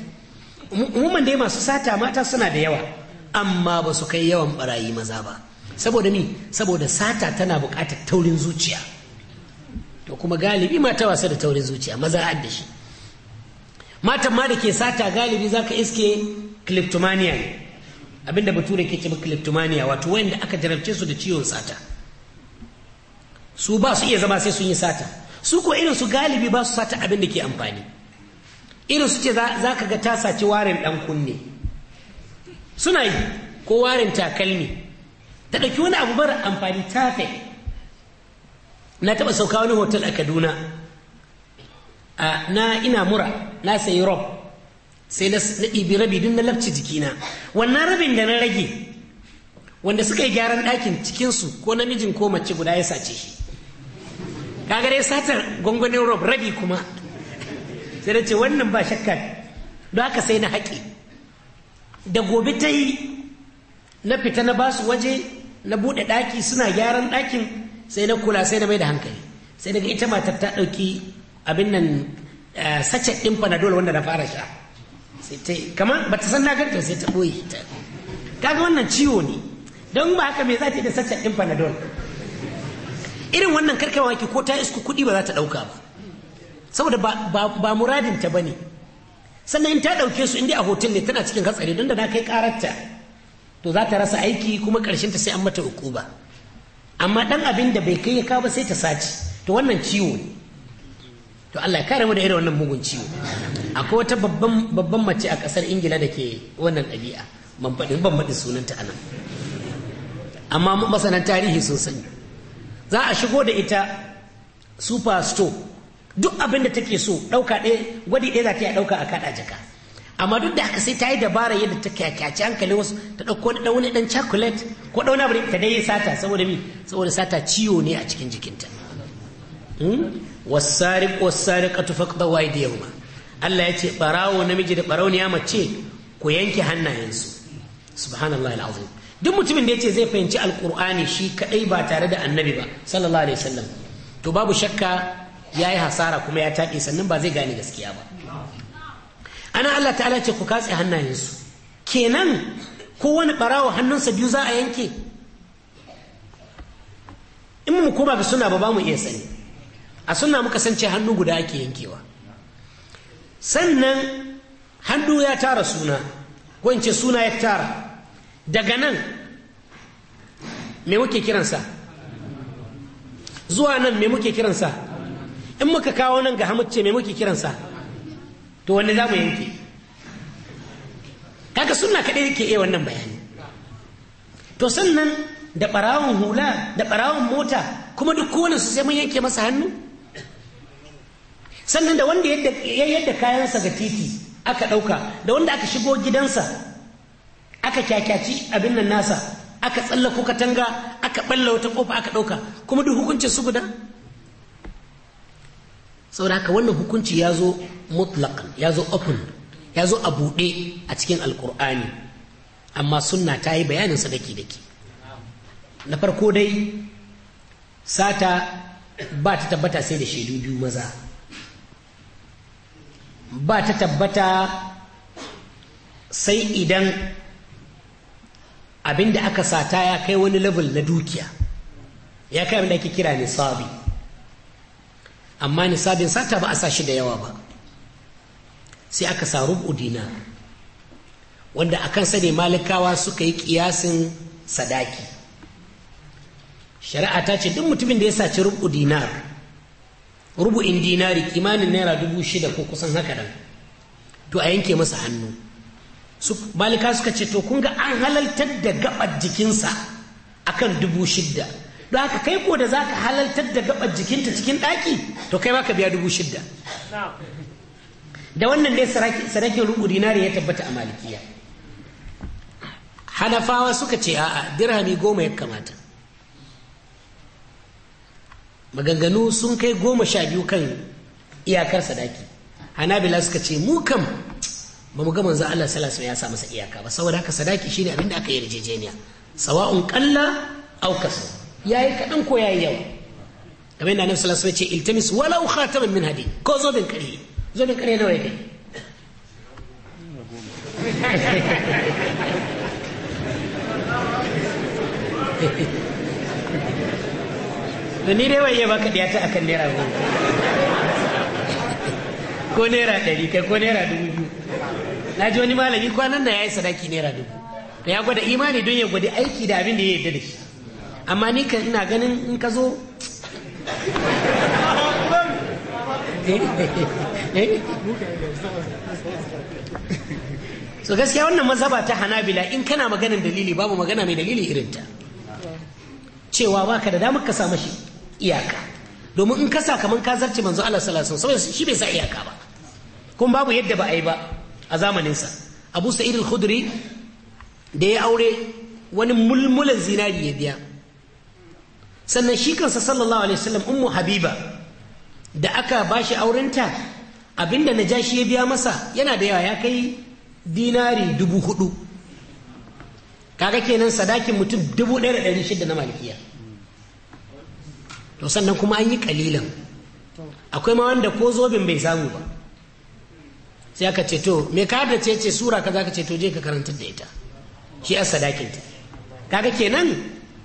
umuman dai masu sata mata suna da yawa amma ba su kai yawan barayi maza ba saboda mi saboda sata tana bukatar taurin zuciya to kuma galibi mata wasa da taurin zuciya maza a da shi matan ma da ke sata galibi zaka iske kleptomania ne abinda bature ke ce kleptomania wato wanda aka jarabce su da ciwon sata su ba su iya zama sai sun yi sata su ko irin su galibi ba su sata abin da ke amfani irin su ce za ka ga ta saci warin dan kunne suna yi ko warin takalmi ta ɗauki wani abu mara amfani tafe na taɓa sauka wani hotel a kaduna na ina mura na sayi rob sai na ɗibi rabi duk na labci jikina wannan rabin da na rage wanda suka yi gyaran ɗakin cikinsu ko namijin ko mace guda ya sace shi kaga dai satar gwangwanin rob rabi kuma sai da ce wannan ba shakka don haka sai na haƙe da gobe ta yi na fita na basu waje na buɗe ɗaki suna gyaran ɗakin sai na kula sai na mai da hankali sai daga ita matar ta ɗauki abin nan eh, sace ɗin panadol wanda na fara sha sai ta yi kamar ba ta san na ganta sai ta ɓoye ta kaga wannan ciwo ne don ba haka me za ta yi da sace ɗin panadol irin wannan karkai ke ko ta isku kuɗi ba za ta ɗauka ba saboda ba muradin ta bane sannan in ta ɗauke su inda a hotel ne tana cikin hatsari don da na kai ƙararta to za ta rasa aiki kuma karshen ta sai an mata uku ba amma dan abin da bai kai ya kawo ba sai ta sace to wannan ciwo ne to Allah ya kare mu da irin wannan mugun ciwo akwai wata babban babban mace a ƙasar Ingila da ke wannan ɗabi'a ban faɗi ban sunanta anan amma masanan tarihi sun sani za a shigo da ita super store duk abin da take so ɗauka ɗaya gwadi ɗaya za ta yi ɗauka a kaɗa jaka amma duk da haka sai ta yi dabara yadda ta kyakyaci hankali wasu ta ɗauko wani ɗan wani ɗan chocolate ko ɗan wani ta dai sata saboda mi saboda sata ciwo ne a cikin jikinta hmm? wasariq wasariqatu da yamma? Allah ya ce ɓarawo namiji da ya mace ku yanke hannayensu subhanallahi alazim duk mutumin da ya ce zai fahimci alkur'ani shi kaɗai ba tare da annabi ba sallallahu alaihi wasallam to babu shakka ya yi hasara kuma ya taɓe sannan ba zai gane gaskiya ba ana allah ta'ala ce ku katse hannayensu kenan kowane ɓarawa hannunsa biyu za a yanke in mu koma ga suna ba ba mu iya sani a suna muka san ce hannu guda ake yankewa sannan hannu ya tara suna ko suna ya tara daga nan me muke kiransa zuwa nan me muke kiransa in muka kawo nan ga hamacce me muke kiransa to wanda za mu yanke kaga suna kaɗai yake iya wannan bayani to sannan da ɓarawon hula da ɓarawon mota kuma duk kowane su sai mun yanke masa hannu sannan da wanda ya yadda kayansa ga titi aka ɗauka da wanda aka shigo gidansa aka kyakyaci abin nan nasa aka tsalla tsallako katanga aka balla wata kofa aka ɗauka kuma duk hukuncin su guda saboda haka wannan hukunci ya zo mutlaqan ya zo open ya zo a buɗe a cikin alkur'ani amma sunna ta yi bayanin sa sadaki daki na farko dai sata ba ta tabbata sai da shaidu biyu maza ba ta tabbata sai idan abin da aka sata ya kai wani level na dukiya ya kai abin da ake kira nisabi amma nisabin sata ba a sa shi da yawa ba sai aka sa rubu dina wanda a kansa ne malikawa suka yi kiyasin sadaki shari'a ta ce duk mutumin da ya saci rubu dinar rubu'in dinari kimanin naira dubu shida ko kusan haka nan to a yanke masa hannu malika suka ce to kun ga an halaltar da gabar jikinsa akan dubu shidda don haka kai ko da za ka halaltar da gabar jikinta cikin ɗaki to kai ka biya dubu shidda da wannan dai sadakin rubu dinari ya tabbata a malikiya hanafawa suka ce a'a dirhami goma ya kamata maganganu sun kai goma sha biyu kan iyakar sadaki hanabila suka ce mu kam ba mu ga manzo Allah sallallahu alaihi ya sa masa iyaka ba saboda haka sadaki shine abin da aka yi rijejeniya sawa'un qalla aw kas yayi kadan ko yayi yawa kamar inda Annabi sallallahu alaihi ya ce iltamis walau khataman min hadi ko zobin kare zobin kare nawa yake da ni dai waye baka da ta akan naira goma ko naira ɗari kai ko naira dubu biyu na ji wani malami kwanan da ya yi sadaki naira dubu da ya gwada imani don ya gwada aiki da abin da ya yarda da shi amma ni kan ina ganin in ka zo so gaskiya wannan mazhaba ta hanabila in kana maganin dalili babu magana mai dalili irinta cewa baka da damar ka samu mashi iyaka domin in ka sa kamar ka zarce manzo Allah sallallahu alaihi wasallam shi bai sa iyaka ba kuma babu yadda ba a yi ba a zamaninsa abu sa'id al da ya aure wani mulmulan zinari ya biya sannan shi kansa sallallahu alaihi wasallam ummu habiba da aka bashi aurenta abinda najashi ya biya masa yana da yawa ya kai dinari dubu hudu kaga kenan sadakin mutum dubu ɗaya da ɗari shida na malikiya to sannan kuma an yi kalilan akwai ma wanda ko zobin bai samu ba sai aka ce to me ka da ce ce sura kaza ka ce to je ka karanta da ita shi a sadakin ta kaga kenan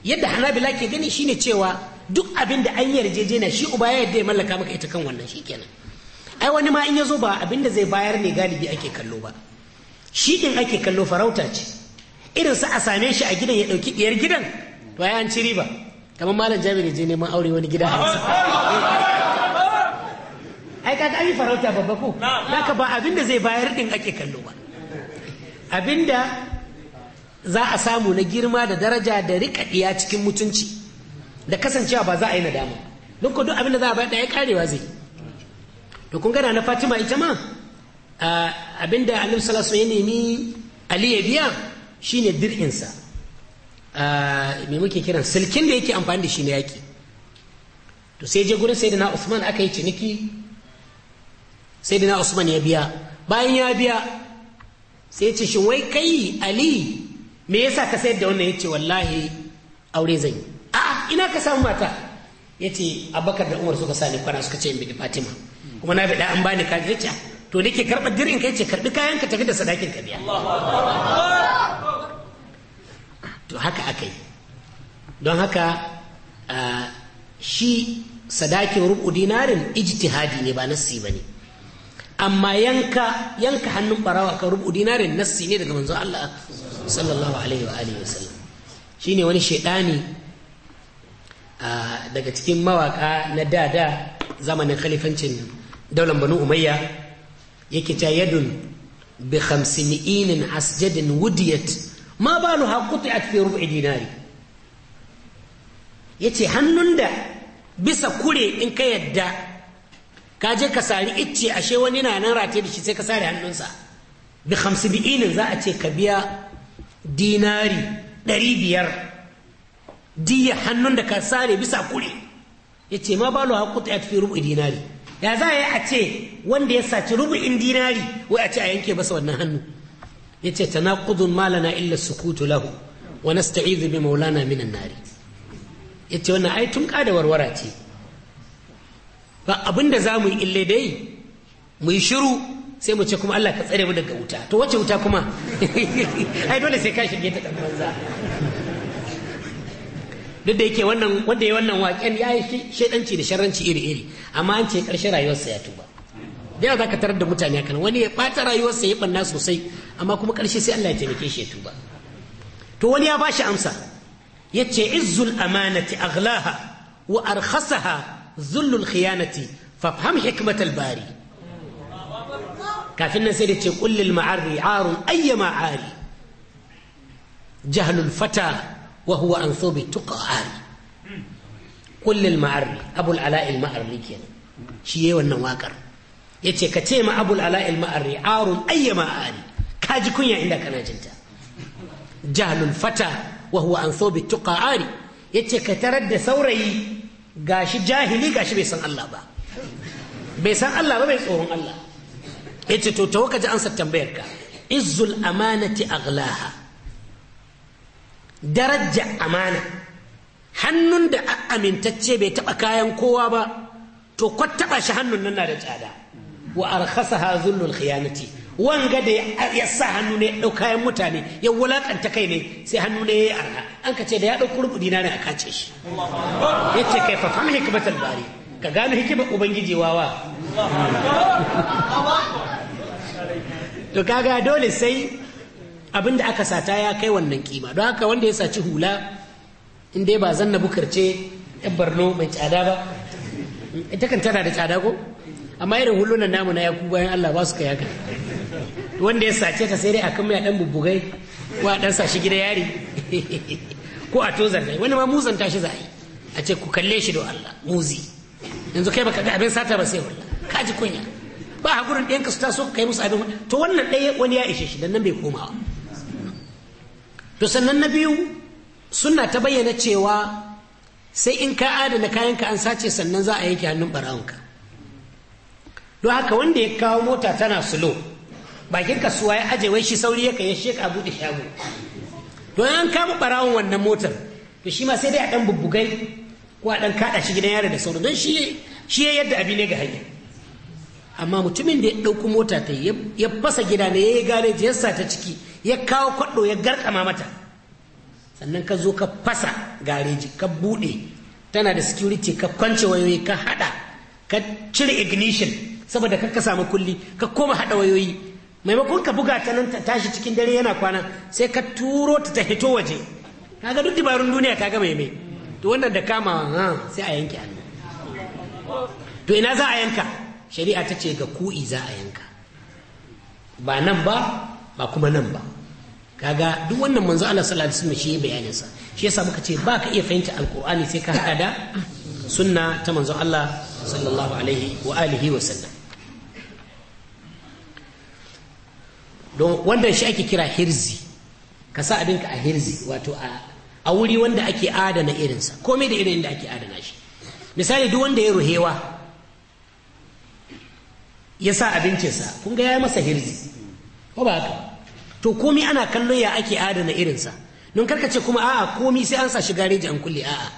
yadda hanabila ke gani shine cewa duk abin da an yarjejena shi uba ya yarda ya mallaka maka ita kan wannan shikenan ai wani ma in ya zo ba abin da zai bayar ne galibi ake kallo ba shi din ake kallo farauta ce irin sa a same shi a gidan ya dauki diyar gidan to ai an ci riba kamar malam jami'in je neman aure wani gida a ai ka an yi farauta babba ko haka ba abin da zai bayar din ake kallo ba abinda za a samu na girma da daraja da rika riƙaɗiya cikin mutunci da kasancewa ba za a yi nadama don ko duk da za a bayar ɗaya karewa zai to kun gana na fatima ita ma abinda annabi sallallahu ya nemi ali ya biya shine dir'insa me muke kiran silkin da yake amfani da shi na yaki to sai je gurin sayyidina usman aka yi ciniki sai dina usman ya biya bayan ya biya sai ce shin wai kai ali me yasa ka sayar da wannan yace wallahi aure zan yi a ina ka samu mata yace abakar da umar suka sani kwana suka ce in bi fatima kuma na da an bani kaji yace to nake ke karɓar dirin kai ce karɓi kayan ka tafi da sadakin ka biya to haka aka yi don haka shi sadakin rubu dinarin ijtihadi ne ba nassi ba ne amma yanka yanka hannun barawa ka rubu dinarin nassi ne daga manzon Allah sallallahu alaihi wa alihi wasallam shine wani shaidani daga cikin mawaka na dada zamanin khalifancin daular banu umayya yake ta yadun bi khamsini'inin asjadin wudiyat ma baluha quti'at fi rub'i dinari yace hannun da bisa kure in ka yadda ka je ka sari icce ashe wani na nan rataye da shi sai ka sare hannunsa bi hamsin za a ce ka biya dinari ɗari biyar diya hannun da ka sare bisa kure ya ce ma balo hakuta ya tafi rubu'i dinari ya za a yi a ce wanda ya saci rubu'in dinari wai a ce a yanke basa wannan hannu ya ce tanaqudun malana illa sukutu lahu wa nasta'izu bi maulana minan nari ya ce wannan ai tun kada warwara ce ba abin da za mu yi ille dai mu yi shiru sai mu ce kuma Allah ka tsare mu daga wuta to wacce wuta kuma ai dole sai ka shige ta banza duk da yake wannan wanda ya wannan waken ya yi shaidanci da sharranci iri-iri amma an ce karshe rayuwarsa ya tuba da za ka tarar da mutane kan wani ya bata rayuwarsa ya ɓanna sosai amma kuma karshe sai Allah ya taimake shi ya tuba to wani ya bashi amsa ya ce izzul amanati aghlaha wa arkhasaha zullul khiyanati fafham hikmatal bari kafin na sai da ce kullil ma'arri arun ayya ma'ari jahlul fata wa an sobe tuqa ari kullil ma'arri abul ala'il ma'arri kenan shi yayi wannan wakar yace ka ma abul ala'il ma'arri arun ayya ma'ari ka ji kunya inda kana jinta jahlul fata wa an sobe ari yace ka tarar da saurayi gashi jahili gashi bai san Allah ba bai san Allah ba bai tsoron Allah yace to tawo kaji ansar tambayar ka izzul amanati aglaha daraja amana hannun da amintacce bai taba kayan kowa ba to kwat taba shi hannun nan na da tsada wa arkhasaha dhullul khiyanati wanga da ya sa hannu ne ya ɗau kayan mutane ya wulaƙanta kai ne sai hannu ne ya yi arha an ka ce da ya ɗauki rubu ne a kace shi ya ce kai fafan hikimatar bari ka gano hikimar ubangiji wawa to kaga dole sai abin da aka sata ya kai wannan kima don haka wanda ya saci hula in dai ba zanna bukar ce yan barno mai tsada ba ita kan tana da tsada ko amma irin hulunan namu na yaku bayan allah ba su kai haka wanda ya sace ta sai dai akan mai dan bubbugai ko a dan sashi gida yari ko a tozar nai wani ma muzan tashi za a yi a ce ku kalle shi da Allah muzi yanzu kai baka ga abin sata ba sai wallahi ka ji kunya ba ha gurin ɗayan ka su taso kai musu abin to wannan ɗaya wani ya ishe shi dan nan bai komawa to sannan na biyu sunna ta bayyana cewa sai in ka adana kayanka an sace sannan za a yanke hannun ɓarawunka don haka wanda ya kawo mota tana slow bakin kasuwa ya ajiye wai shi sauri yake ya sheka bude shago to an kama barawon wannan motar to shi ma sai dai a dan bubbugai ko a dan kada shi gidan yare da sauri don shi shi ya yadda abi ne ga hanya amma mutumin da ya ɗauko mota ta ya fasa gida ne ya yi gareji ya ta ciki ya kawo kwaɗo ya garkama mata sannan ka zo ka fasa gareji ka buɗe tana da security ka kwance wayoyi ka haɗa ka cire ignition saboda ka ka samu kulli ka koma haɗa wayoyi maimakon ka buga ta nan ta tashi cikin dare yana kwana sai ka turo ta ta hito waje kaga duk dabarun duniya kaga mai mai to wannan da kama sai a yanke hannu to ina za a yanka shari'a ta ce ga ku'i za a yanka ba nan ba ba kuma nan ba kaga duk wannan manzo Allah sallallahu alaihi wasallam shi sa shi yasa muka ce ba ka iya fahimta alqur'ani sai ka hada da sunna ta manzo Allah sallallahu alaihi wa alihi wa sallam don wanda shi ake kira hirzi ka sa abinka a hirzi wato a wuri wanda ake adana irinsa komai da irin da ake adana shi misali duk wanda ya ruhewa ya sa abincinsa kun ga ya masa hirzi ko ba haka to komai ana kallon ya ake adana irinsa don karkace ce kuma a'a komai sai an sa shiga reji an kulle a'a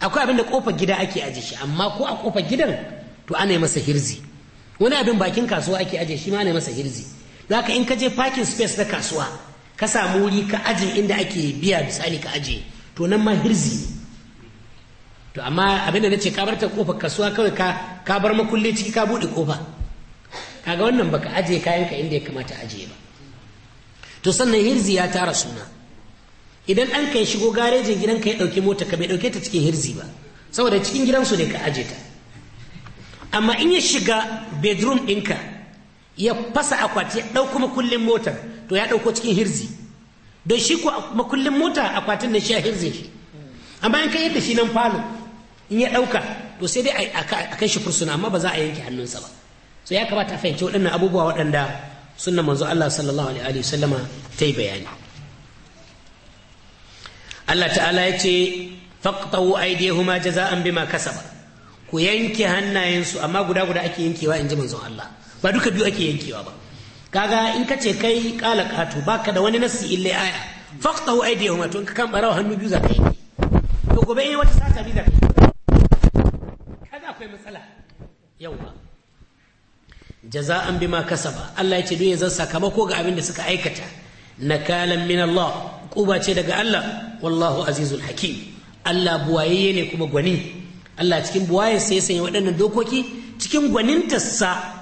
akwai abin da kofar gida ake aje shi amma ko a kofar gidan to ana yi masa hirzi wani abin bakin kasuwa ake aje shi ma ana yi masa hirzi za ka in ka je parking space na kasuwa ka samu wuri ka aje inda ake biya misali ka aje to nan ma hirzi to amma abin da nace ka bar ta kofar kasuwa kawai ka ka bar makulle ciki ka bude kofa kaga wannan baka aje kayan ka inda ya kamata aje ba to sannan hirzi ya tara suna idan ɗan ka shigo garejin gidan ka ya dauke mota ka bai dauke ta cikin hirzi ba saboda cikin gidansu ne ka aje ta amma in ya shiga bedroom ɗinka ya fasa akwati ya ɗauko makullin motar to ya ɗauko cikin hirzi don shi ko makullin mota akwatin da shi a hirzi shi amma in kai yadda shi nan falo in ya ɗauka to sai dai a kai shi fursuna amma ba za a yanke hannunsa ba so ya kamata a fahimci waɗannan abubuwa waɗanda sunna manzo Allah sallallahu alaihi wa sallama ta yi bayani Allah ta'ala ya ce faqtau aydihuma jaza'an bima kasaba ku yanke hannayensu amma guda guda ake yankewa in ji manzon Allah ba duka biyu ake yankewa ba kaga in ka ce kai kala kato baka da wani nasi illai aya faqtahu aydihuma to in ka kan barawa hannu biyu za ka yi to gobe in wata sata biyu za ka yi kaga akwai matsala yawa jaza'an bima kasaba Allah ya ce duk yanzu sakamako ga abin da suka aikata nakalan min Allah kuba ce daga Allah wallahu azizul hakim Allah buwayeye ne kuma gwani Allah cikin buwayen sai ya sanya waɗannan dokoki cikin tassa.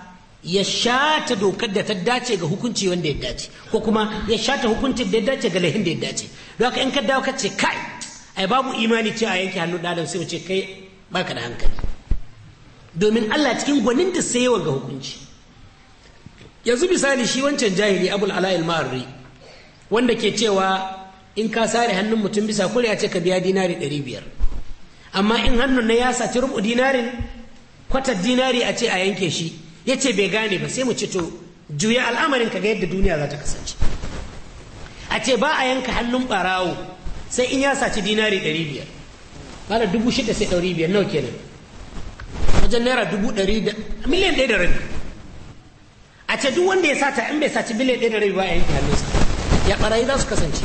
ya shata dokar da ta dace ga hukunci wanda ya dace ko kuma ya shata hukuncin da ya dace ga lahin da ya dace don haka in ka dawo ka ce kai ai babu imani ce a yanke hannu ɗalan sai kai baka da hankali domin Allah cikin gwanin da sai ga hukunci yanzu misali shi wancan jahili abul ala al-ma'arri wanda ke cewa in ka sare hannun mutum bisa kure ya ce ka biya dinari ɗari biyar amma in hannun na ya saci rubu dinarin kwatar dinari a ce a yanke shi ya ce bai gane ba sai mu ce to juya al'amarin ka ga yadda duniya za ta kasance a ce ba a yanka hannun barawo sai in ya saci dinari 500 biyar bala dubu shida sai ɗari biyar nawa kenan wajen naira dubu dari da miliyan ɗaya da rabi a ce duk wanda ya sata in bai saci miliyan ɗaya da rabi ba a yanka hannunsa ya barayi za su kasance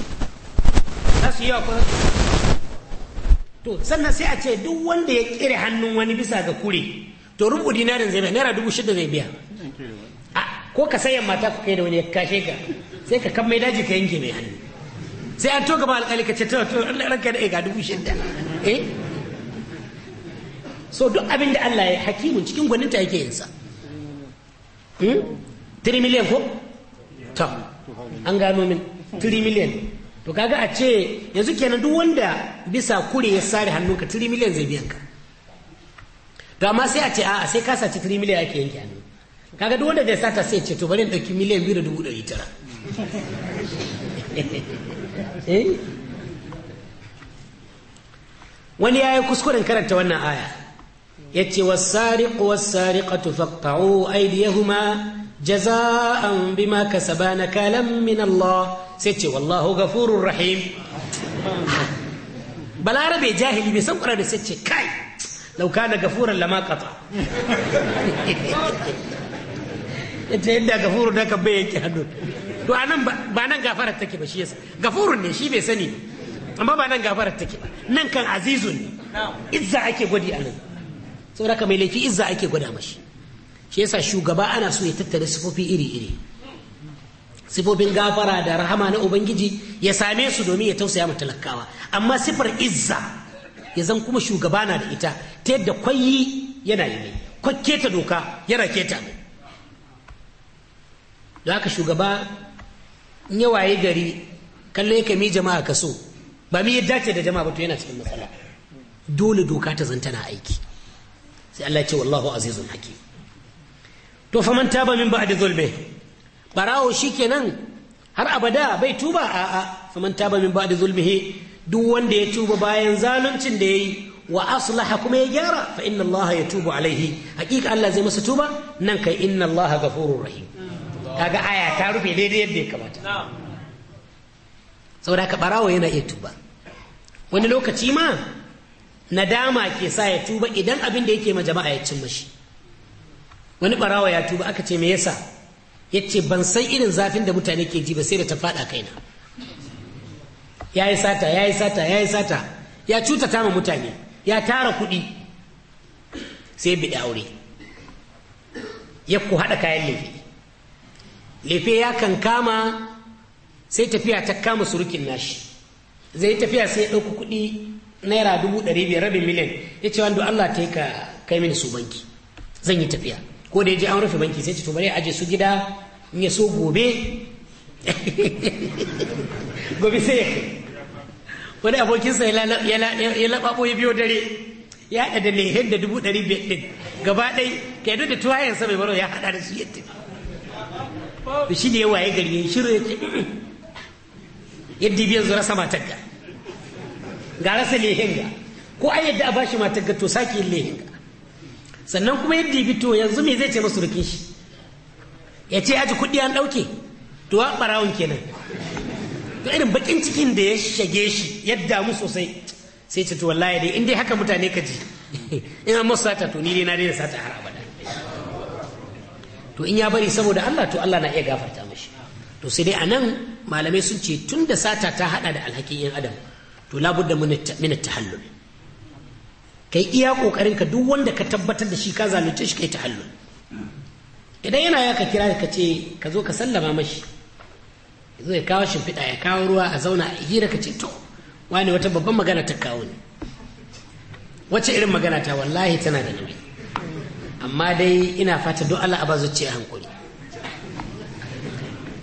za su yi wa to sannan sai a ce duk wanda ya kire hannun wani bisa ga kure to rubu dinarin zai biya naira dubu shida zai biya ko ka sayan mata ku kai da wani ya kashe ka sai ka kan mai daji ka yanke mai hannu sai an to gaba alƙali ka ce to ranka da ga dubu shida eh so duk abin da Allah ya hakimu cikin gwaninta yake yin sa hmm? tiri miliyan ko to an gano min tiri miliyan to kaga a ce yanzu kenan duk wanda bisa kure ya sare hannunka tiri miliyan zai biyan ka to ma sai a ce a'a sai ka saci 3 miliyan ake yanke hannu kaga duk wanda zai sata sai ce to bari na ɗauki miliyan biyu da dubu ɗari tara eh? wani ya yi kuskuren karanta wannan aya ya ce wasariƙu wasariƙatu faƙta'u aidiyahuma jaza'an bima kasaba na kalan min Allah sai ce wallahu gafurur rahim balarabe jahili bai san kwarar da sai ce kai لو كان gafuran lama قطع انت يدا gafuru ده ka hannu ba nan gafarar take ba shi yasa gafurun ne shi bai sani amma ba nan gafarar take ba nan kan azizun ne izza ake gwadi a nan mai laifi izza ake gwada mashi shi yasa shugaba ana so ya tattara sifofi iri-iri sifofin gafara da rahama na ubangiji ya same su domin ya tausaya ma talakawa amma sifar izza ya zan kuma shugaba na da ita ta yadda kwayi yana yi mai kwakke ta doka yana keta mai da haka shugaba in ya waye gari kallo ya mi jama'a kaso ba mi ya dace da jama'a ba to yana cikin matsala dole doka ta zanta na aiki sai Allah ce wallahu azizun hakim to fa man taba min ba'di zulmi barawo shikenan har abada bai tuba a'a man taba min ba'di zulmihi duk wanda ya tuba bayan zaluncin da ya yi wa aslaha kuma ya gyara fa inna Allah ya tubu alaihi hakika Allah zai masa tuba nan kai inna Allah gafurur rahim kaga aya ta rufe daidai yadda ya kamata saboda ka barawo yana iya tuba wani lokaci ma nadama ke sa ya tuba idan abin da yake ma jama'a ya cin mashi wani barawo ya tuba aka ce me yasa yace ban san irin zafin da mutane ke ji ba sai da ta fada kaina ya yi sata ya yi sata ya yi sata ya cuta ma mutane ya tara kuɗi sai biɗi aure ya ku haɗa kayan lefe lefe ya kan kama sai tafiya ta kama surukin nashi zai tafiya sai ya ɗauki kuɗi naira dubu ɗari biyar rabin miliyan ya ce wanda Allah ta yi ka kai mini su banki zan yi tafiya ko da ya je an rufe banki sai ce to bari aje su gida in ya so gobe gobe sai ya kai wani abokinsa ya laɓaɓo ya biyo dare ya haɗa da lehen da dubu ɗari biyar ɗin gaba ɗai ka yadda da tuwayensa mai baro ya haɗa da su yadda da shi ne ya waye gari ya shiru ce yadda biyan zura sama tagga ga rasa lehen ga ko an yadda a bashi matar ga to sake yin lehen ga sannan kuma yadda ya to yanzu me zai ce masu rikin shi ya ce ya ji kuɗi an ɗauke to an ɓarawun kenan da irin bakin cikin da ya shage shi yadda mu sosai sai ce to wallahi dai in dai haka mutane ka ji in an masu sata to ni dai na daina sata har abada to in ya bari saboda Allah to Allah na iya gafarta mashi to sai dai anan malamai sun ce tun da sata ta hada da alhakin yan adam to labudda min tahallul kai iya kokarin ka duk wanda ka tabbatar da shi ka zalunce shi kai tahallul idan yana ya ka kira ka ce ka zo ka sallama mashi Zai kawo shimfiɗa ya kawo ruwa a zauna a hira ka ce to wani wata babban magana ta kawo ne wacce irin magana ta wallahi tana da nauyi amma dai ina fata don Allah a ba zuciya hankuri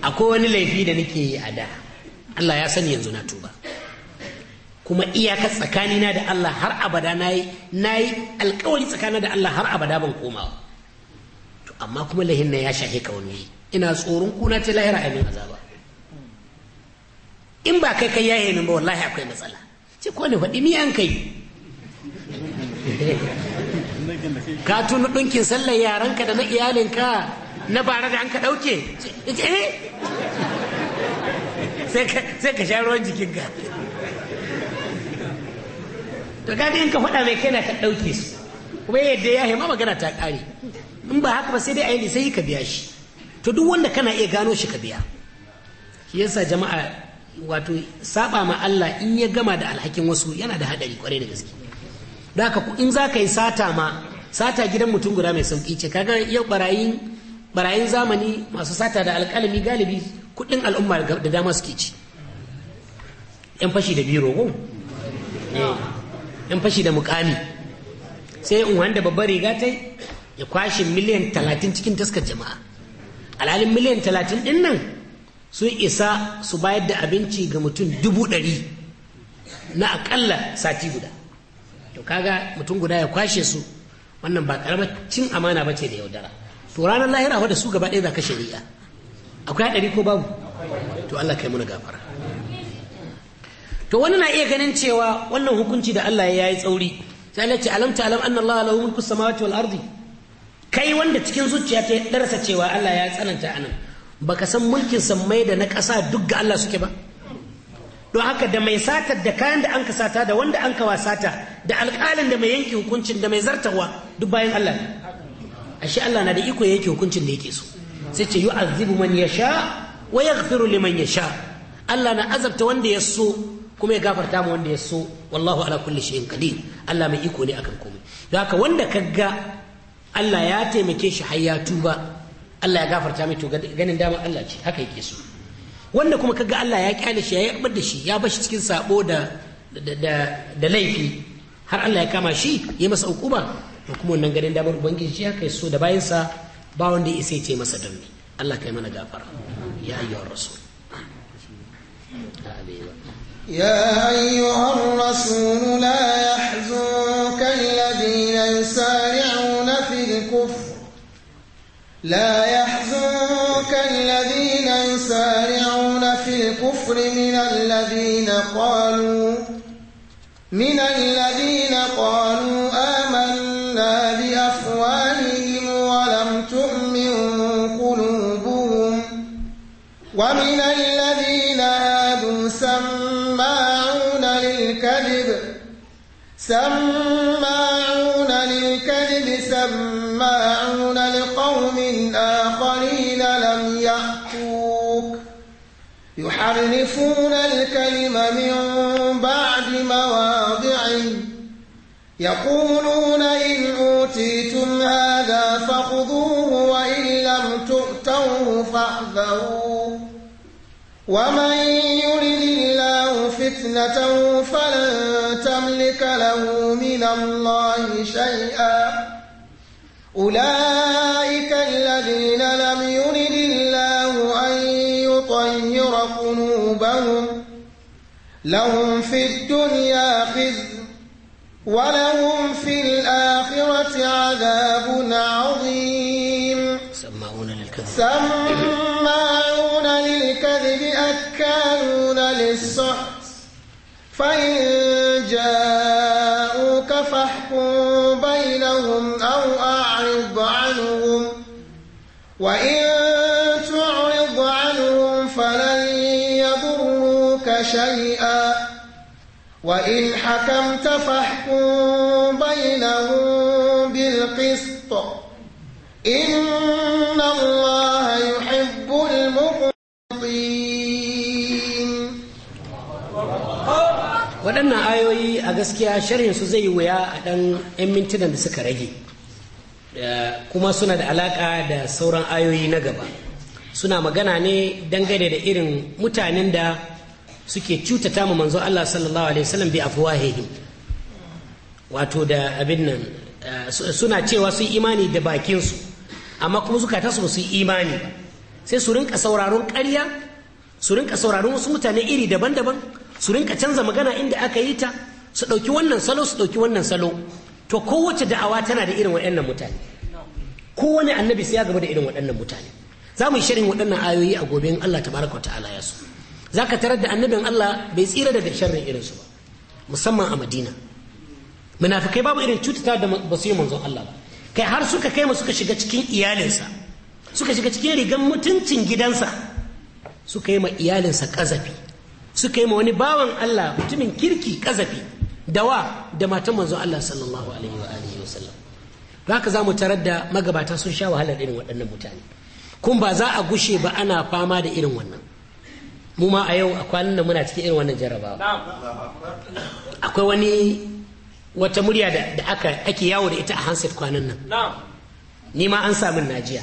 akwai wani laifi da nake yi a da Allah ya sani yanzu na tuba kuma iyaka tsakanina da Allah har abada na yi alkawari tsakani da Allah har abada ban komawa to amma kuma lahin na ya shahe ka wani ina tsoron kuna ta lahira a azaba in ba kai kai yayi ne ba wallahi akwai matsala ce ko ne faɗi mi an kai ka tuna ɗinkin sallar yaranka da na iyalinka na bara da an ka ɗauke eh. sai ka sha ruwan jikinka to gadi in ka faɗa mai kai na ka ɗauke su kuma yadda ya ma magana ta ƙare in ba haka ba sai dai a yi sai ka biya shi to duk wanda kana iya gano shi ka biya shi yasa jama'a wato saba ma Allah in ya gama da alhakin wasu yana da hadari kwarai da gaske da haka in za ka yi sata ma sata gidan mutum guda mai sauki ce kaga yau barayin barayin zamani masu sata da alƙalami galibi kuɗin al'umma da dama suke ci yan fashi da biro ko eh, yan fashi da mukami sai in wanda babbar riga ta ya kwashe miliyan talatin cikin taskar jama'a alhalin miliyan talatin ɗin nan sun isa su bayar da abinci ga mutum dubu ɗari na akalla sati guda to kaga mutum guda ya kwashe su wannan ba karamar cin amana ba ce da yaudara to ranar lahira wadda su gaba ɗaya za shari'a akwai haɗari ko babu to Allah kai muna gafara to wani na iya ganin cewa wannan hukunci da Allah ya yi tsauri sai Allah ce alam ta'lam anna Allah lahu mulku samawati kai wanda cikin zuciya ta darasa cewa Allah ya tsananta anan Ba ka san mulkin sammai da na ƙasa duk ga Allah suke ba don haka da mai satar da kayan da an ka sata da wanda an kawa sata da alƙalin da mai yanke hukuncin da mai zartawa duk bayan Allah ashe Allah na da iko yanke hukuncin da yake so sai ce yu'azzibu man yasha wa yaghfiru liman sha. Allah na azabta wanda ya so kuma ya gafarta ma wanda ya so wallahu ala kulli shay'in qadir Allah mai iko ne akan komai don haka wanda ga Allah ya taimake shi har ya tuba Allah ya gafarta mai to ganin damar Allah ce haka yake so wanda kuma kaga Allah ya kyale shi ya yarbar da shi ya bar shi cikin sabo da laifi har Allah ya kama shi ya yi masa hukuma to kuma wannan ganin damar ubangiji shi haka so da bayansa ba wanda ya isa ya ce masa don Allah kai mana gafara ya ayyuhar rasul يا أيها الرسول لا يحزنك الذين يسارعون لا يحزنك الذين يسارعون في الكفر من الذين قالوا من الذين قالوا آمنا بأفواههم ولم تؤمن قلوبهم ومن الذين هادوا سماعون للكذب سماعون للكذب سماعون يحرفون الكلم من بعد مواضعه يقولون إن أوتيتم هذا فخذوه وإن لم تؤتوه فاحذروا ومن يرد الله فتنته فلن تملك له من الله شيئا أولئك الذين لم يرد لهم لهم في الدنيا خزي ولهم في الآخرة عذاب عظيم سماعون للكذب سماعون للكذب أكالون للسحت فإن جاءوك فاحكم بينهم أو أعرض عنهم وإن شيئا وإن waɗannan ayoyi a gaskiya sharhinsu zai yi wuya a ɗan 'yan mintunan da suka rage kuma suna da alaƙa da sauran ayoyi na gaba suna magana ne dangane da irin mutanen da suke cutata mu manzo Allah sallallahu alaihi wasallam bi afwahihim wato da abin nan eh, suna cewa su imani da bakin su amma kuma zukata su su imani sai su rinka sauraron ƙarya su rinka sauraron wasu mutane iri daban-daban su rinka canza magana inda aka yi ta su ɗauki wannan salo su ɗauki wannan salo to kowace da'awa tana da irin waɗannan mutane kowane annabi sai ya gaba da irin waɗannan mutane za mu yi shirin waɗannan ayoyi a gobe in Allah tabaraka wa ta'ala ya so za ka tarar da annabin Allah bai tsira daga irin su ba musamman a madina munafikai babu irin cutata da ba su yi manzon Allah ba kai har suka kai mu suka shiga cikin iyalinsa suka shiga cikin rigan mutuncin gidansa suka yi ma iyalinsa kazafi suka yi ma wani bawan Allah mutumin kirki kazafi dawa da matan manzon Allah sallallahu alaihi wa alihi wasallam haka za mu tarar da magabata sun sha wahalar irin waɗannan mutane kun ba za a gushe ba ana fama da irin wannan mu ma a yau a kwanan nan muna cikin irin wannan jarabawa akwai wani wata murya da aka ake yawo da ita a hanset kwanan nan ni ma an samun najiya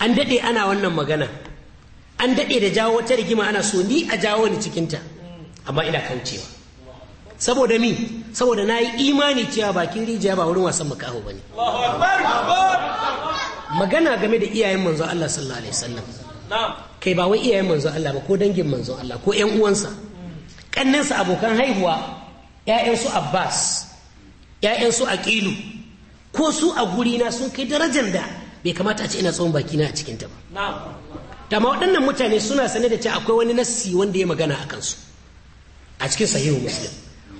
an daɗe ana wannan magana an daɗe da jawo wata rigima ana so ni a jawo ni cikinta amma ina kaucewa saboda mi saboda na yi imani cewa bakin rijiya ba wurin wasan makaho ba ne magana game da iyayen manzo Allah sallallahu alaihi wasallam kai ba wai iyayen manzon Allah ba ko dangin manzon Allah ko ƴan uwansa ƙanninsa abokan haihuwa su Abbas su Aqilu ko su a guri na sun kai darajar da bai kamata a ce ina tsawon bakina a cikin ta ba dama waɗannan mutane suna sane da cewa akwai wani nassi wanda ya magana a kansu a cikin sahihu muslim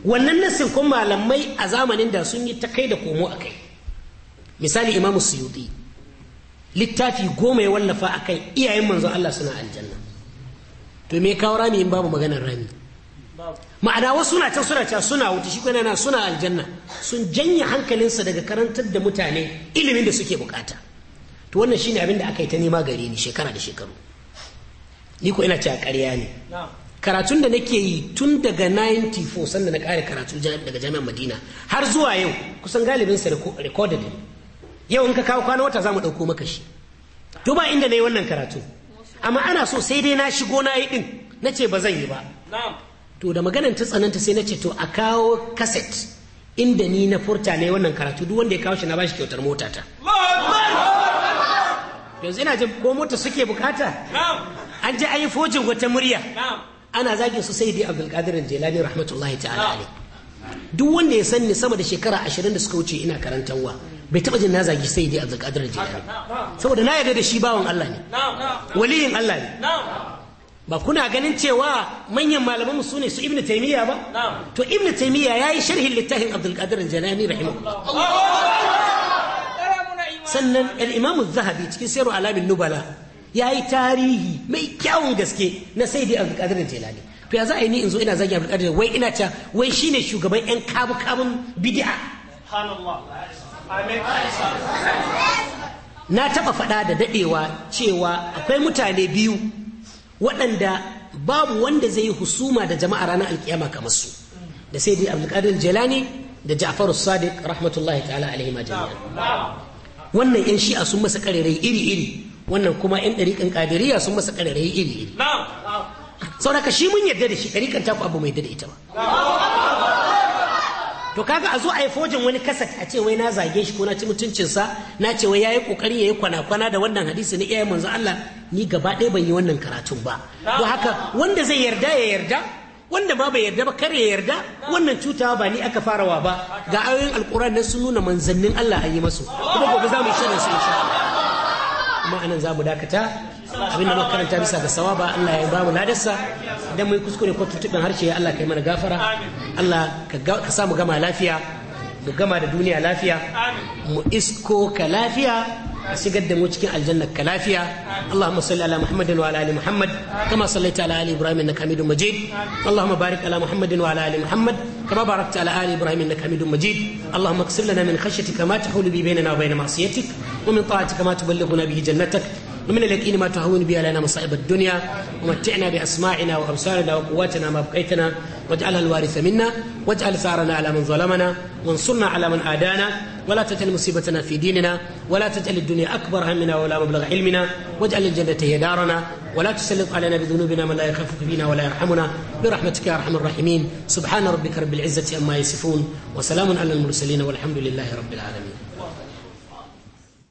wannan nassin kuma malamai a zamanin da sun yi ta kai da komo a kai misali imamu suyuti littafi goma ya wallafa a kan iyayen manzo Allah suna aljanna to me kawo rami in babu maganar rami ma'ana wasu suna can suna can suna wuce shi kwanana suna aljanna sun janye hankalinsa daga karantar da mutane ilimin da suke bukata to wannan shine abin da aka yi ta nema gare ni shekara da shekaru ni ko ina ce a ƙarya ne karatun da nake yi tun daga 94 sanda na kare karatu daga jami'ar madina har zuwa yau kusan galibinsa recorded ne yau in ka kawo kwana wata za mu ɗauko maka shi to ba inda na yi wannan karatu amma ana so sai dai na shigo na yi ɗin na ce ba zan yi ba to da maganan ta tsananta sai na ce to a kawo kaset inda ni na furta na yi wannan karatu duk wanda ya kawo shi na bashi kyautar mota ta yanzu ina jin ko mota suke bukata an ji ayi yi fojin wata murya ana zagin su sai dai abdulkadir jelani rahmatullahi ta'ala duk wanda ya sanni sama da shekara ashirin da suka wuce ina karantarwa bai taɓa jin na zagi sai dai abdulkadir jilani saboda na yarda da shi bawan Allah ne waliyin Allah ne ba kuna ganin cewa manyan malaman mu sune su ibnu taymiya ba to ibnu taymiya yayi sharhin littafin abdulkadir jilani rahimahullah sannan al-imam az-zahabi cikin sirru alamin nubala yayi tarihi mai kyawun gaske na sayyidi abdulkadir jilani to ya za a yi ni in zo ina zagi abdulkadir wai ina ta wai shine shugaban yan kabu kabun bid'a subhanallah na taɓa faɗa da daɗewa cewa akwai mutane biyu waɗanda babu wanda zai yi husuma da jama'a ranar alkiyama kamar su da sai dai abdulkadir jelani da ja'faru sadiq rahmatullahi ta'ala alaihi ma jami'a wannan yan shi'a sun masa ƙarerai iri iri wannan kuma yan ɗariƙan ƙadiriya sun masa ƙarerai iri iri saboda shi mun yarda da shi ɗariƙan taku abu mai yarda da ita ba to kaga a zo a yi fojin wani kasat a ce wai na zage shi ko na ci mutuncinsa na ce wai yayi kokari yayi kwana-kwana da wannan hadisi na iyayen manzo Allah ni gaba ɗaya ban yi wannan karatun ba to haka wanda zai yarda ya yarda wanda ba bai yarda ba kar ya yarda wannan cutawa ba ni aka farawa ba ga ayoyin alquran na sun nuna manzannin Allah a yi masu kuma gobe za mu shirin su insha Allah kuma anan za mu dakata abinda muka bisa ga sawaba Allah ya bamu ladarsa idan mu kuskure ko tutubin harshe Allah kai mana gafara Allah ka samu gama lafiya mu gama da duniya lafiya mu isko ka lafiya shigar da mu cikin aljannar ka lafiya Allahumma salli ala Muhammadin wa ala ali Muhammad kama sallaita ala ali Ibrahim innaka Hamidum Majid Allahumma barik ala Muhammadin wa ala ali Muhammad kama barakta ala ali Ibrahim innaka Hamidum Majid Allahumma ighfir lana min khashyatika ma tahulu bi bainana wa bain ma'siyatik wa min ta'atika ma tuballighuna bihi jannatak ومن اليقين ما تهون بها لنا مصائب الدنيا ومتعنا بأسماعنا وأبصارنا وقواتنا ما بقيتنا واجعلها الوارث منا واجعل ثارنا على من ظلمنا وانصرنا على من عادانا ولا تجعل مصيبتنا في ديننا ولا تجعل الدنيا أكبر همنا ولا مبلغ علمنا واجعل الجنة هي دارنا ولا تسلط علينا بذنوبنا من لا يخافك فينا ولا يرحمنا برحمتك يا أرحم الراحمين سبحان ربك رب العزة أما يصفون وسلام على المرسلين والحمد لله رب العالمين